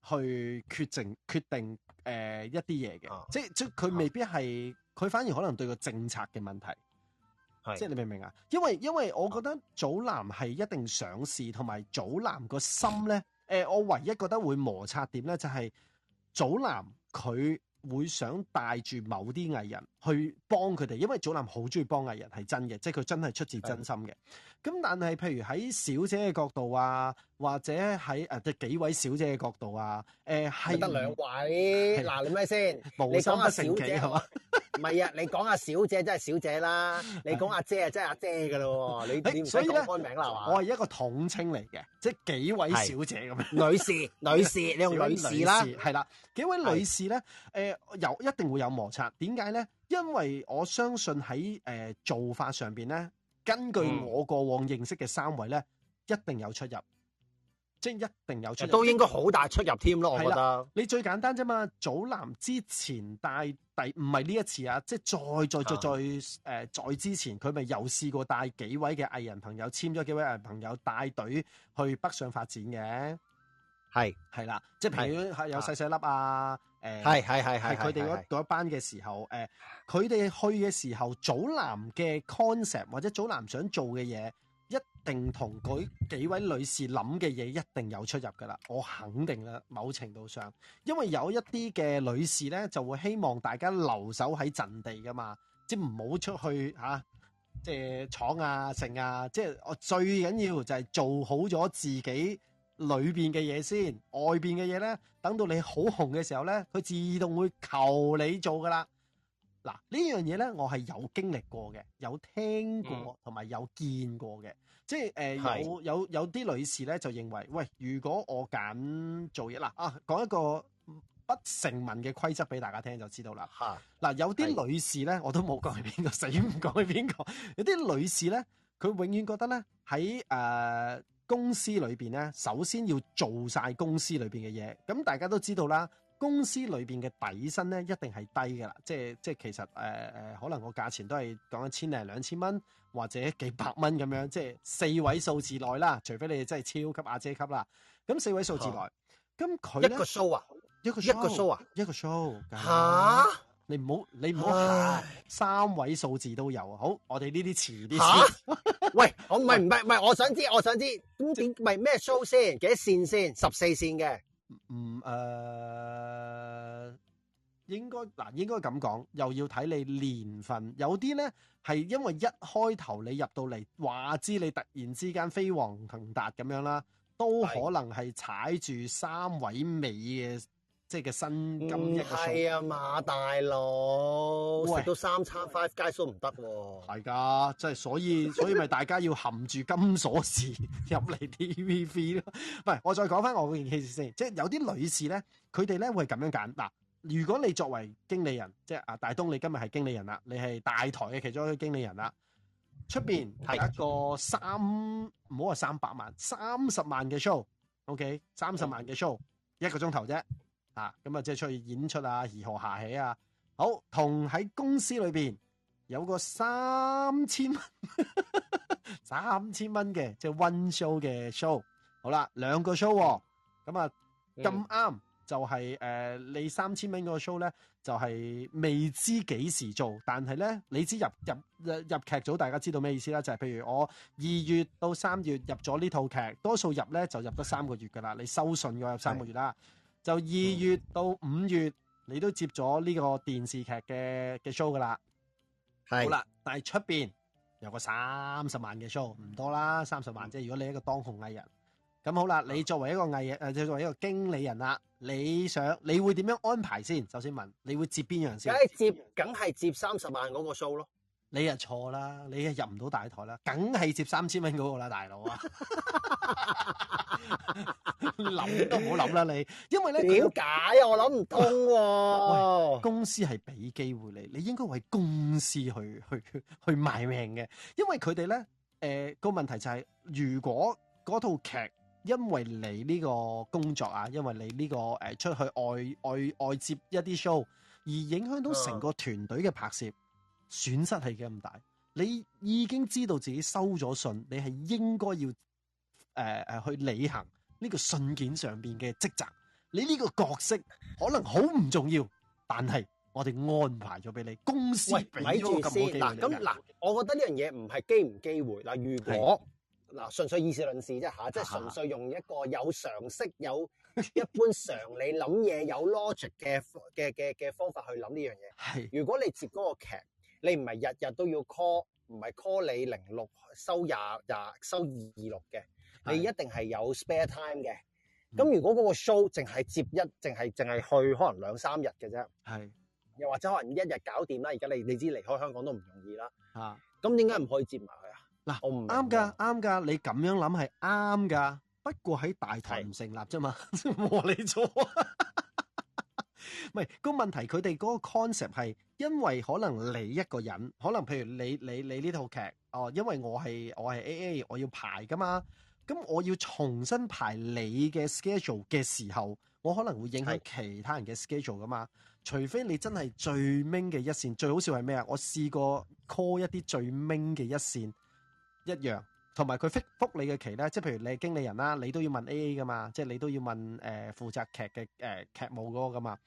去決定決定。誒、呃，一啲嘢嘅，即係即佢未必係，佢，嗯、反而可能對個政策嘅問題，嗯、即係你明唔明啊？因為因為我覺得祖藍係一定想試，同埋祖藍個心咧，誒、呃，我唯一覺得會摩擦點咧，就係祖藍佢會想帶住某啲藝人去幫佢哋，因為祖藍好中意幫藝人係真嘅，即係佢真係出自真心嘅。嗯咁但係，譬如喺小姐嘅角度啊，或者喺誒即係幾位小姐嘅角度啊，誒係得兩位。嗱，你咩先？你講阿小姐係嘛？唔係啊，你講阿小姐真係小姐啦，你講阿姐啊，真係阿姐嘅咯喎。你你唔使講安名啦，係嘛？我係一個統稱嚟嘅，即係幾位小姐咁樣。女士，女士，你用女士啦，係啦，幾位女士咧？誒有一定會有摩擦，點解咧？因為我相信喺誒做法上邊咧。根據我過往認識嘅三位咧、嗯，一定有出入，即係一定有出入，都應該好大出入添咯。我覺得你最簡單啫嘛，祖藍之前帶第唔係呢一次啊，即係再再再再在、呃、再之前佢咪又試過帶幾位嘅藝人朋友簽咗幾位藝人朋友帶隊去北上發展嘅，係係啦，即係譬如有細細粒啊。係係係係，係佢哋嗰班嘅時候，誒、呃，佢哋去嘅時候，祖藍嘅 concept 或者祖藍想做嘅嘢，一定同嗰幾位女士諗嘅嘢一定有出入噶啦，我肯定啦。某程度上，因為有一啲嘅女士咧，就會希望大家留守喺陣地噶嘛，即係唔好出去嚇，即係闖啊剩啊，即、呃、係、啊啊就是、我最緊要就係做好咗自己。裏邊嘅嘢先，外邊嘅嘢咧，等到你好紅嘅時候咧，佢自動會求你做噶啦。嗱、啊、呢樣嘢咧，我係有經歷過嘅，有聽過同埋、嗯、有見過嘅，即係誒有有有啲女士咧就認為，喂，如果我揀做嘢啦啊，講一個不成文嘅規則俾大家聽就知道啦。嗱、啊，有啲女士咧，我都冇講係邊個，死唔講係邊個。 有啲女士咧，佢永遠覺得咧喺誒。公司裏邊咧，首先要做晒公司裏邊嘅嘢。咁大家都知道啦，公司裏邊嘅底薪咧一定係低噶啦，即係即係其實誒誒、呃，可能個價錢都係講一千零兩千蚊或者幾百蚊咁樣，即係四位數字內啦。除非你真係超級阿姐級啦，咁四位數字內，咁、啊、佢一個 show 啊，一個 show, 一個 show 啊，一個 show 吓。啊你唔好，你唔好、啊，三位數字都有啊！好，我哋呢啲遲啲先、啊。 喂，我唔係唔係唔係，我想知道，我想知，咁點？咪咩 show 先？幾多線先？十四線嘅？唔、嗯、誒、呃，應該嗱，應該咁講，又要睇你年份。有啲咧係因為一開頭你入到嚟話知你突然之間飛黃騰達咁樣啦，都可能係踩住三位尾嘅。即係嘅新金嘅數、嗯，係啊，馬大佬食到三餐 five 街數唔得喎，係噶，即係所以所以咪大家要含住金鎖匙入嚟 TVB 咯。喂，我再講翻我件 case 先，即係有啲女士咧，佢哋咧會咁樣揀嗱。如果你作為經理人，即係阿大東，你今日係經理人啦，你係大台嘅其中一個經理人啦，出邊係一個三唔好話三百萬，三十萬嘅 show，OK，三十萬嘅 show、嗯、一個鐘頭啫。啊，咁啊，即係出去演出啊，二號下起啊，好，同喺公司裏邊有個三千蚊， 三千蚊嘅即係 one show 嘅 show，好啦，兩個 show，咁啊咁啱就係誒、就是呃，你三千蚊嗰個 show 咧就係、是、未知幾時做，但係咧你知入入入劇組，大家知道咩意思啦？就係、是、譬如我二月到三月入咗呢套劇，多數入咧就入咗三個月噶啦，你收信嘅入三個月啦。就二月到五月、嗯，你都接咗呢個電視劇嘅嘅 show 噶啦，係好啦。但係出邊有個三十萬嘅 show，唔多啦，三十萬啫、嗯。如果你係一個當紅藝人，咁好啦，你作為一個藝人誒，即、嗯呃、作為一個經理人啦，你想你會點樣安排先？首先問，你會接邊樣先？梗係接，梗係接三十萬嗰個 show 咯。你又錯啦，你又入唔到大台啦，梗係接三千蚊嗰個啦，大佬啊！諗都唔好諗啦，你，因為咧點解啊？我諗唔通喎。公司係俾機會你，你應該為公司去去去賣命嘅，因為佢哋咧，誒個問題就係，如果嗰套劇因為你呢個工作啊，因為你呢個誒出去外外外接一啲 show，而影響到成個團隊嘅拍攝。損失係幾咁大？你已經知道自己收咗信，你係應該要誒誒、呃、去履行呢個信件上邊嘅職責。你呢個角色可能好唔重要，但係我哋安排咗俾你，公司俾咗咁好嘅機會你嗱，我覺得呢樣嘢唔係機唔機會，嗱，如果嗱純粹以事論事啫吓，即係純粹用一個有常識，有一般常理諗嘢 有 logic 嘅嘅嘅嘅方法去諗呢樣嘢。係如果你接嗰個劇。你唔係日日都要 call，唔係 call 你零六收廿廿收二二六嘅，你一定係有 spare time 嘅。咁、嗯、如果嗰個 show 淨係接一，淨係淨係去可能兩三日嘅啫。係，又或者可能一日搞掂啦。而家你你知離開香港都唔容易啦。嚇，咁點解唔可以接埋佢啊？嗱，唔啱㗎，啱㗎，你咁樣諗係啱㗎。不過喺大台唔成立啫嘛。我理解錯啊。唔 係，個問題佢哋嗰個 concept 係。因為可能你一個人，可能譬如你你你呢套劇哦，因為我係我係 A A，我要排噶嘛，咁我要重新排你嘅 schedule 嘅時候，我可能會影響其他人嘅 schedule 噶嘛，除非你真係最明嘅一線，最好笑係咩啊？我試過 call 一啲最明嘅一線，一樣，同埋佢 fit 覆你嘅期咧，即係譬如你係經理人啦，你都要問 A A 噶嘛，即係你都要問誒負、呃、責劇嘅誒劇務嗰個噶嘛。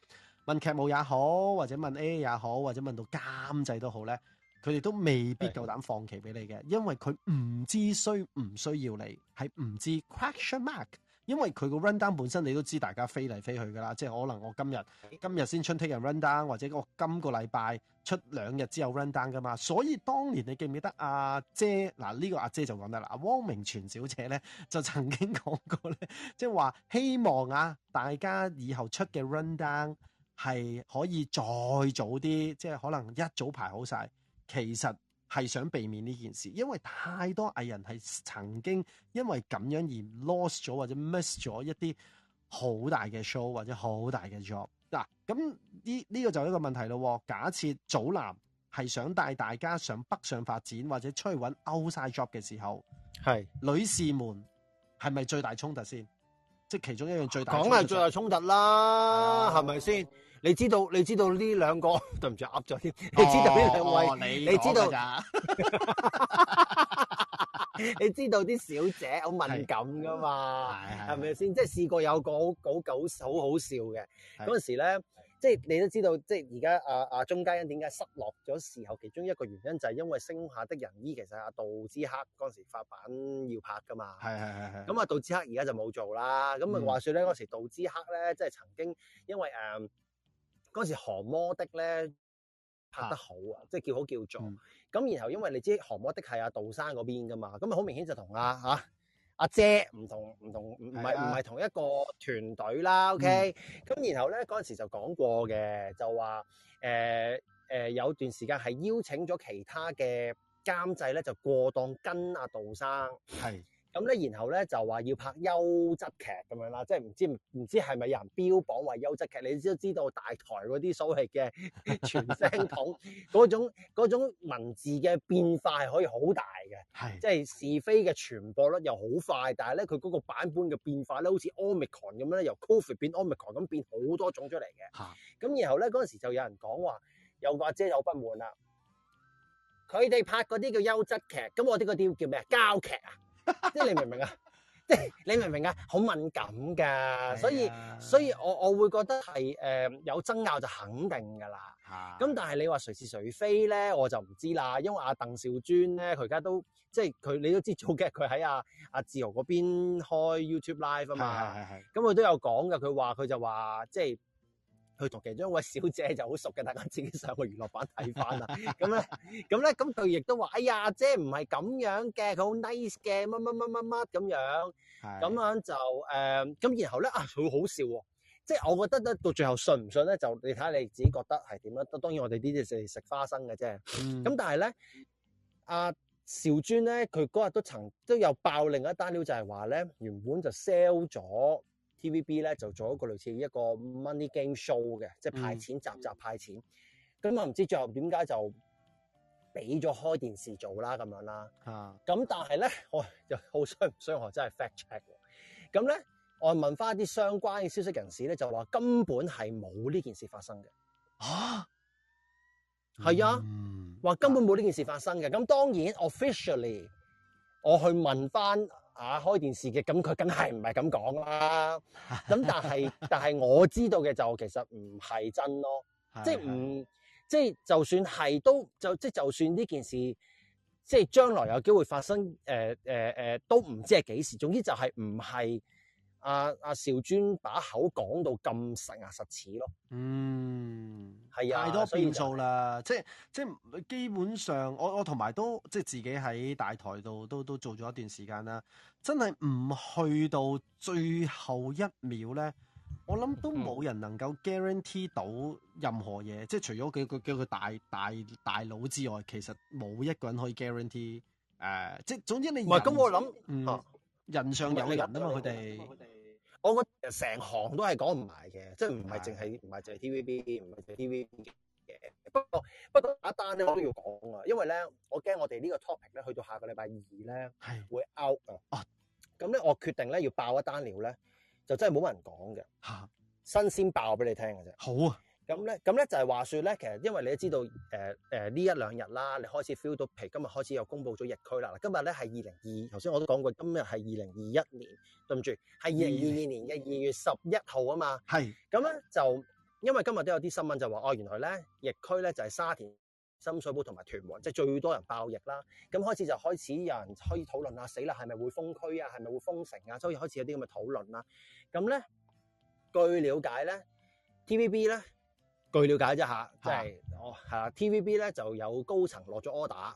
問劇務也好，或者問 A 也好，或者問到監製都好咧，佢哋都未必夠膽放期俾你嘅，因為佢唔知需唔需要你，係唔知 question mark，因為佢個 run down 本身你都知大家飛嚟飛去噶啦，即係可能我今日今日先春聽日 run down，或者我今個禮拜出兩日之後 run down 噶嘛，所以當年你記唔記得阿、啊、姐嗱呢、啊這個阿、啊、姐就講得啦，汪明荃小姐咧就曾經講過咧，即係話希望啊大家以後出嘅 run down。係可以再早啲，即係可能一早排好晒。其實係想避免呢件事，因為太多藝人係曾經因為咁樣而 lost 咗或者 miss 咗一啲好大嘅 show 或者好大嘅 job。嗱、啊，咁呢呢個就係一個問題咯。假設祖藍係想帶大家上北上發展或者出去搵 out 晒 job 嘅時候，係女士們係咪最大衝突先？即係其中一樣最大衝突，就是。講係最大衝突啦，係咪先？是你知道，你知道呢兩個對唔住噏咗添，你知道呢兩位、哦，你知道㗎、哦，你知道啲 小姐好敏感㗎嘛，係咪先？即係試過有個好好好好好笑嘅，嗰陣時咧，即係你都知道，即係而家阿阿鍾嘉欣點解失落咗時候，其中一個原因就係因為《星空下的仁醫》，其實阿杜之克嗰陣時發版要拍㗎嘛，係係係。咁啊，杜之克而家就冇做啦。咁啊，話說咧嗰、嗯、時，杜之克咧即係曾經因為誒。嗯嗰時韓魔的咧拍得好啊，即係叫好叫座。咁、嗯、然後因為你知韓魔的係阿杜生嗰邊噶嘛，咁啊好明顯就同啦。阿阿姐唔同唔同唔唔係唔係同一個團隊啦。OK，咁、嗯、然後咧嗰陣時就講過嘅，就話誒誒有段時間係邀請咗其他嘅監製咧，就過檔跟阿杜生係。咁咧，然後咧就話要拍優質劇咁樣啦，即係唔知唔知係咪有人標榜為優質劇？你都知道大台嗰啲所謂嘅傳聲筒種，嗰 種嗰種文字嘅變化係可以好大嘅，即係是，是非嘅傳播率又好快。但係咧，佢嗰個版本嘅變化咧，好似 Omicron 咁咧，由 Covid 變 Omicron 咁變好多種出嚟嘅。咁 然後咧嗰陣時就有人講話，又或者有姐姐不滿啦，佢哋拍嗰啲叫優質劇，咁我哋嗰啲叫咩啊？膠劇啊！即 係你明唔明啊？即係你明唔明啊？好敏感噶，所以所以我我會覺得係誒、呃、有爭拗就肯定噶啦。咁但係你話誰是誰非咧，我就唔知啦。因為阿鄧兆尊咧，佢而家都即係佢，你都知早幾日，佢喺阿阿志豪嗰邊開 YouTube Live 啊嘛。咁佢，嗯、都有講㗎。佢話佢就話即係。佢同其中一位小姐就好熟嘅，大家自己上去娛樂版睇翻啦。咁 咧，咁咧，咁佢亦都話：哎呀，即係唔係咁樣嘅，佢好 nice 嘅，乜乜乜乜乜咁樣。咁樣就咁、呃、然後咧啊，好好笑喎、哦！即係我覺得咧，到最後信唔信咧，就你睇下你自己覺得係點樣。當然我哋呢啲食食花生嘅啫。咁、嗯、但係咧，阿、啊、邵尊咧，佢嗰日都曾都有爆另一單料，就係話咧，原本就 sell 咗。TVB 咧就做一個類似一個 money game show 嘅，即係派錢集集派錢。咁我唔知最後點解就俾咗開電視做啦咁樣啦。啊！咁但係咧，我又好傷唔傷害，真係 fact check。咁咧，我問翻一啲相關嘅消息人士咧，就話根本係冇呢件事發生嘅。啊？係啊。話、嗯、根本冇呢件事發生嘅。咁、啊、當然 officially，我去問翻。啊！開電視嘅，咁佢梗係唔係咁講啦？咁、 嗯、但係但係我知道嘅就其實唔係真咯， 即係唔即係就算係都就即係就算呢件事即係將來有機會發生，誒誒誒都唔知係幾時。總之就係唔係。阿阿邵尊把口講到咁實牙實齒咯，嗯，係啊，啊，太多變數啦、即係，即係即係基本上，我我同埋都即係自己喺大台度都都做咗一段時間啦，真係唔去到最後一秒咧，我諗都冇人能夠 guarantee 到任何嘢、嗯嗯，即係除咗佢佢佢佢大大大佬之外，其實冇一個人可以 guarantee 誒、呃，即係總之你唔係咁，我諗、嗯，人上有人啊嘛，佢哋。我成行都係講唔埋嘅，即係唔係淨係唔係淨係 TVB，唔係淨係 TVB 嘅。不過不過下一單咧，我都要講啊，因為咧我驚我哋呢個 topic 咧去到下個禮拜二咧係會 out 啊。咁、oh. 咧我決定咧要爆一單料咧，就真係冇乜人講嘅嚇，huh? 新鮮爆俾你聽嘅啫。好啊。咁咧，咁咧就係話說咧，其實因為你知道，呢、呃呃、一兩日啦，你開始 feel 到譬如，今日開始又公布咗疫區啦。今日咧係二零二，頭先我都講過，今日係二零二一年，對唔住，係二零二二年嘅二月十一號啊嘛。係、嗯。咁咧就，因為今日都有啲新聞就話，哦，原來咧疫區咧就係、係、沙田、深水埗同埋屯門，即、就、係、係、最多人爆疫啦。咁開始就開始有人可以討論啊，死啦，係咪會封區啊？係咪會封城啊？所以開始有啲咁嘅討論啦、啊。咁咧，據了解咧，TVB 咧。據了解一下，即係哦係啦，TVB 咧就有高層落咗 order，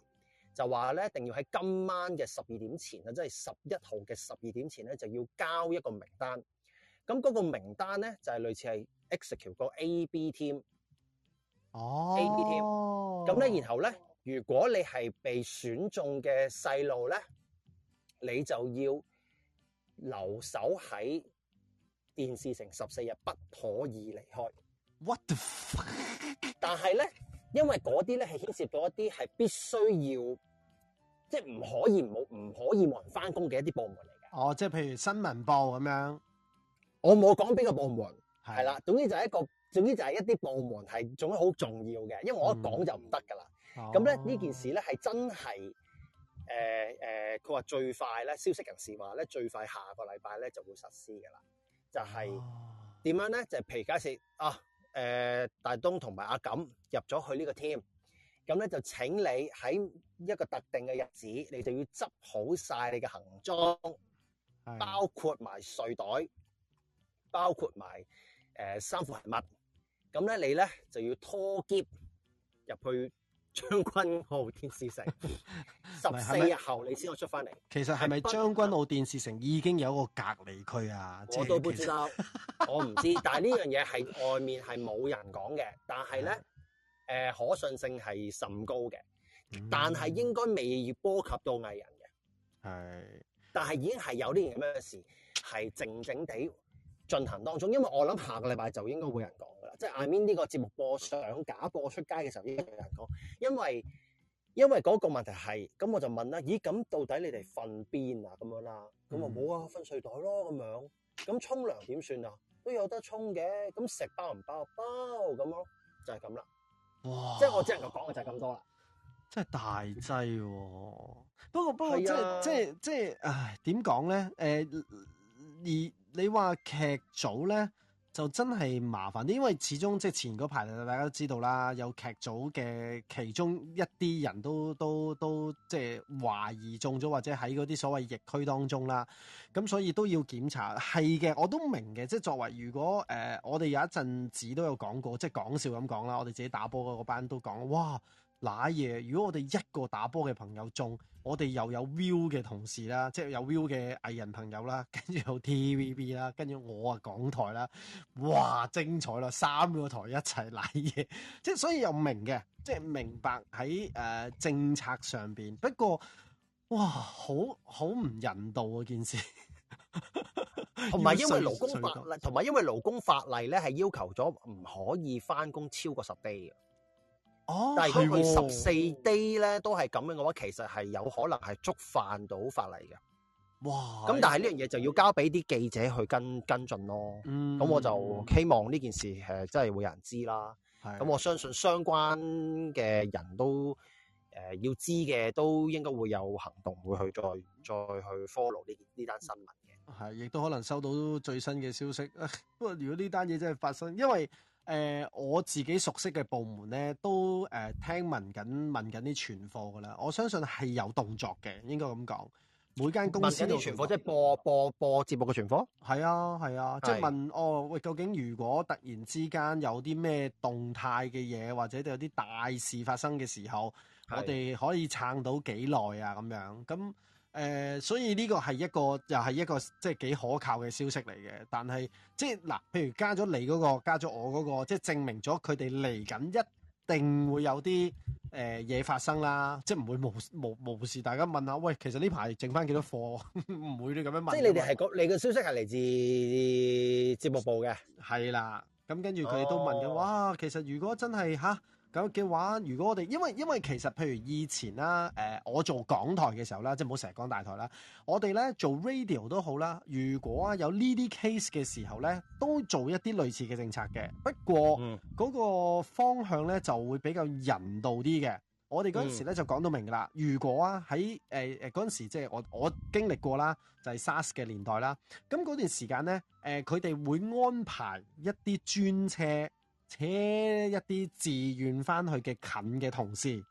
就話咧一定要喺今晚嘅十二點前啊，即係十一號嘅十二點前咧就要交一個名單。咁嗰個名單咧就係類似係 execute 個 AB team，哦，AB team。咁咧然後咧，如果你係被選中嘅細路咧，你就要留守喺電視城十四日，不可以離開。what the fuck？但係咧，因為嗰啲咧係牽涉到一啲係必須要，即係唔可以冇唔可以冇人翻工嘅一啲部門嚟嘅。哦，即係譬如新聞部咁樣。我冇講邊個部門係啦，總之就係一個，總之就係一啲部門係總之好重要嘅，因為我一講就唔得噶啦。咁、嗯、咧呢、哦、呢件事咧係真係，誒、呃、誒，佢、呃、話最快咧，消息人士話咧最快下個禮拜咧就會實施噶啦，就係、是、點、哦、樣咧？就係、是、譬如假設啊。誒、呃，大東同埋阿錦入咗去呢個 team，咁咧就請你喺一個特定嘅日子，你就要執好晒你嘅行裝，包括埋睡袋，包括埋誒衫褲鞋襪，咁、呃、咧你咧就要拖喼入去。將軍澳電視城 十四日後你先可出翻嚟。 其實係咪將軍澳電視城已經有個隔離區啊？我都半截撈。我唔知 但這件事，但係呢樣嘢係外面係冇人講嘅，但係咧，誒可信性係甚高嘅，但係應該未波及到藝人嘅。係。但係已經係有呢樣咩事係靜靜地。進行當中，因為我諗下個禮拜就應該會有人講噶啦，即係 I mean 呢個節目播上假播出街嘅時候應該有人講，因為因為嗰個問題係，咁我就問啦，咦咁到底你哋瞓邊啊咁樣啦？咁話冇啊，瞓睡、嗯、袋咯咁樣，咁沖涼點算啊？都有得沖嘅，咁食包唔包？包咁咯，就係咁啦。哇！即係我只能夠講嘅就係咁多啦。即係大劑喎、哦！不過不過即係即係即係，唉點講咧？誒而。呃你話劇組咧就真係麻煩啲，因為始終即係前嗰排大家都知道啦，有劇組嘅其中一啲人都都都即係懷疑中咗，或者喺嗰啲所謂疫區當中啦，咁所以都要檢查。係嘅，我都明嘅。即係作為如果誒、呃，我哋有一陣子都有講過，即係講笑咁講啦，我哋自己打波嗰班都講，哇！攋嘢！如果我哋一個打波嘅朋友中，我哋又有 view 嘅同事啦，即係有 view 嘅藝人朋友啦，跟住有 TVB 啦，跟住我啊港台啦，哇，精彩啦！三個台一齊攋嘢，即係所以又明嘅，即係明白喺、呃、政策上面。不過，哇，好好唔人道啊件事，同 埋因為勞工法例，同埋因為勞工法例咧係要求咗唔可以翻工超過十 day。但係佢十四 day 咧都係咁樣嘅話，其實係有可能係觸犯到法例嘅。哇！咁但係呢樣嘢就要交俾啲記者去跟跟進咯。嗯。咁我就希望呢件事誒真係會有人知啦。係。咁我相信相關嘅人都誒要知嘅都應該會有行動，會去再再去 follow 呢呢單新聞嘅。係、嗯，亦、嗯嗯嗯、都可能收到最新嘅消息。不 過如果呢單嘢真係發生，因為。誒、呃、我自己熟悉嘅部門咧，都誒、呃、聽聞緊問緊啲存貨噶啦，我相信係有動作嘅，應該咁講。每間公司問緊啲存貨，即係播播播節目嘅存貨。係啊係啊，是啊是啊是即係問哦，喂，究竟如果突然之間有啲咩動態嘅嘢，或者有啲大事發生嘅時候，我哋可以撐到幾耐啊？咁樣咁。誒、呃，所以呢個係一個又係一個即係幾可靠嘅消息嚟嘅，但係即係嗱、啊，譬如加咗你嗰、那個，加咗我嗰、那個，即係證明咗佢哋嚟緊一定會有啲誒嘢發生啦，即係唔會無無無視大家問下，喂，其實呢排剩翻幾多貨？唔 會你咁樣問。即係你哋係你嘅消息係嚟自節目部嘅，係啦。咁跟住佢都問嘅，哇、哦，其實如果真係吓。哈咁嘅話，如果我哋因為因為其實譬如以前啦、呃，我做港台嘅時候啦，即唔好成日講大台啦，我哋咧做 radio 都好啦，如果有呢啲 case 嘅時候咧，都做一啲類似嘅政策嘅。不過嗰、嗯嗰個方向咧就會比較人道啲嘅。我哋嗰陣時咧就講到明㗎啦。如果啊喺嗰陣時，即係我我經歷過啦，就係、是、SARS 嘅年代啦。咁嗰段時間咧，佢、呃、哋會安排一啲專車。車一啲自願翻去嘅近嘅同事，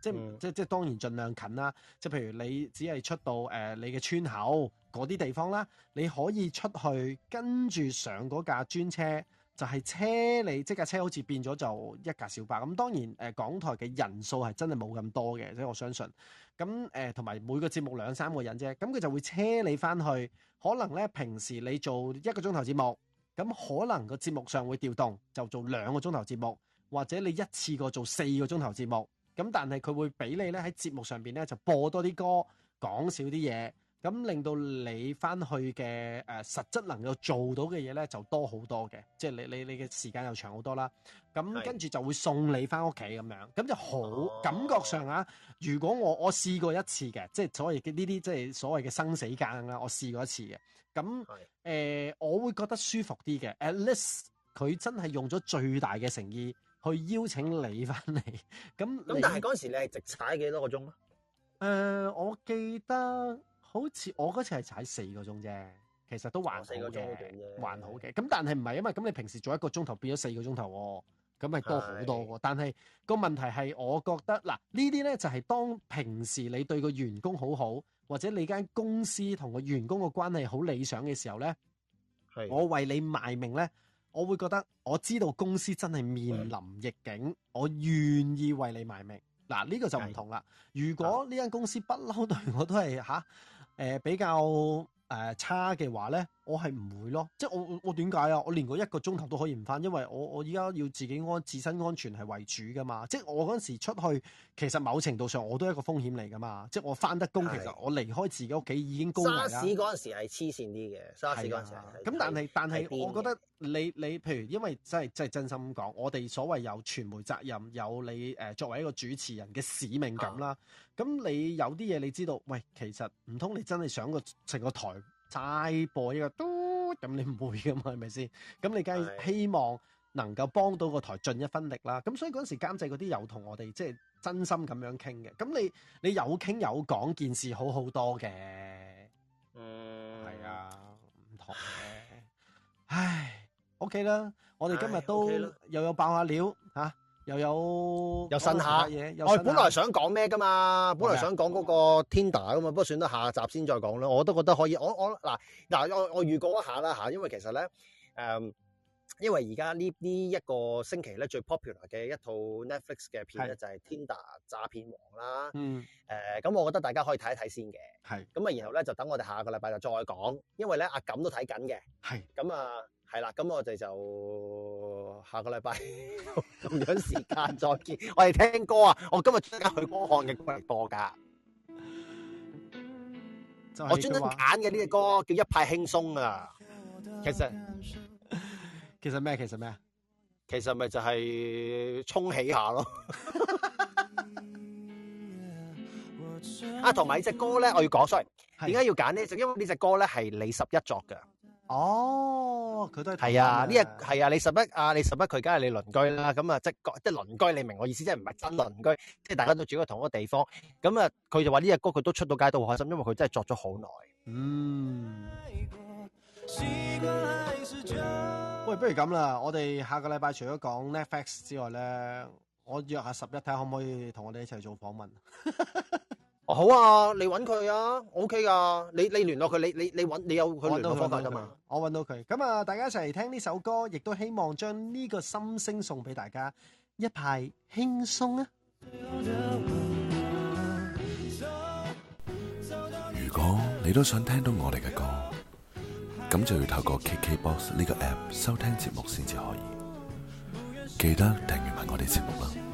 即係即即係當然盡量近啦。即係譬如你只係出到、呃、你嘅村口嗰啲地方啦，你可以出去跟住上嗰架專車，就係、係、車你。即係架車好似變咗就一架小巴。咁當然、呃、港台嘅人數係真係冇咁多嘅，即係我相信。咁、呃、同埋每個節目兩三個人啫。咁佢就會車你翻去。可能呢，平時你做一個鐘頭節目。咁可能個節目上會調動，就做兩個鐘頭節目，或者你一次過做四個鐘頭節目。咁但係佢會俾你呢，喺節目上面呢，就播多啲歌，講少啲嘢。咁令到你翻去嘅誒、呃、實質能夠做到嘅嘢咧，就多好多嘅，即係你你你嘅時間又長好多啦。咁跟住就會送你翻屋企咁樣，咁就好、哦、感覺上啊。如果我我試過一次嘅，即係所謂嘅呢啲即係所謂嘅生死間啦，我試過一次嘅。咁我、呃、我會覺得舒服啲嘅，At least 佢真係用咗最大嘅誠意去邀請你翻嚟。咁咁但係嗰時你係直踩幾多個鐘？誒、呃，我記得。好似我嗰次係踩四個鐘啫，其實都還四個鐘啫，還好嘅。咁但係唔係啊？因為咁你平時做一個鐘頭變咗四個鐘頭喎，咁咪多好多喎。但係個問題係，我覺得嗱呢啲呢就係當平時你對個員工好好，或者你間公司同個員工個關係好理想嘅時候呢，我為你賣命呢，我會覺得我知道公司真係面臨逆境，我願意為你賣命嗱。呢個就唔同啦。如果呢間公司不嬲對我都係嚇。誒、呃、比較誒、呃、差嘅話咧。我係唔會咯，即係我我點解啊？我連個一個鐘頭都可以唔翻，因為我我依家要自己安自身安全係為主噶嘛。即係我嗰陣時出去，其實某程度上我都一個風險嚟噶嘛。即係我翻得工，其實我離開自己屋企已經高危啦。沙士嗰陣時係黐線啲嘅，沙士嗰陣時是。咁但係但係，我覺得你你譬如，因為真係真係真心講，我哋所謂有傳媒責任，有你、呃、作為一個主持人嘅使命感啦。咁、啊、你有啲嘢你知道，喂，其實唔通你真係上個成個台？曬播呢個嘟，咁你唔會㗎嘛，係咪先？咁你梗係希望能夠幫到個台盡一分力啦。咁所以嗰陣時監製嗰啲有同我哋即係真心咁樣傾嘅。咁你你有傾有講件事好好多嘅。嗯，係啊，唔同嘅。唉，OK 啦，我哋今日都又有爆下料。又有又新一下嘢，我本來想講咩噶嘛，本來想講嗰個 Tinder 噶嘛，不過選到下集先再講啦。我都覺得可以，我我嗱嗱，我、啊、我預告一下啦吓，因為其實咧、嗯、因為而家呢呢一個星期咧最 popular 嘅一套 Netflix 嘅片咧就係、係、Tinder 詐騙王啦。嗯。咁、呃、我覺得大家可以睇一睇先嘅。咁啊，然後咧就等我哋下個禮拜就再講，因為咧阿錦都睇緊嘅。咁啊～係啦，咁我哋就下個禮拜咁樣時間再見。 我哋聽歌啊，我今日去觀看嘅歌嚟播噶、就是。我專登揀嘅呢隻歌叫一派輕鬆啊。其實，其實咩？其實咩？其實咪就係冲起下咯。 啊，同埋呢隻歌咧，我要講，出嚟點解要揀呢？就因為呢隻歌咧係李十一作噶。哦。佢都係啊，呢隻係啊，你十一啊，你十一佢梗係你鄰居啦，咁啊即係即係鄰居，你明我意思，即係唔係真鄰居，即係大家都住喺同一個地方，咁啊佢就話呢隻歌佢都出到街都好開心，因為佢真係作咗好耐。嗯。喂，不如咁啦，我哋下個禮拜除咗講 Netflix 之外咧，我約下十一睇下可唔可以同我哋一齊做訪問。 哦，好啊，你揾佢啊，我 OK 噶，你你聯絡佢，你你你揾，你有佢聯絡方法噶嘛？我揾到佢，咁啊，大家一齊聽呢首歌，亦都希望將呢個心聲送俾大家，一派輕鬆啊！如果你都想聽到我哋嘅歌，咁就要透過 KKBox 呢個 App 收聽節目先至可以，記得訂閱埋我哋節目啦。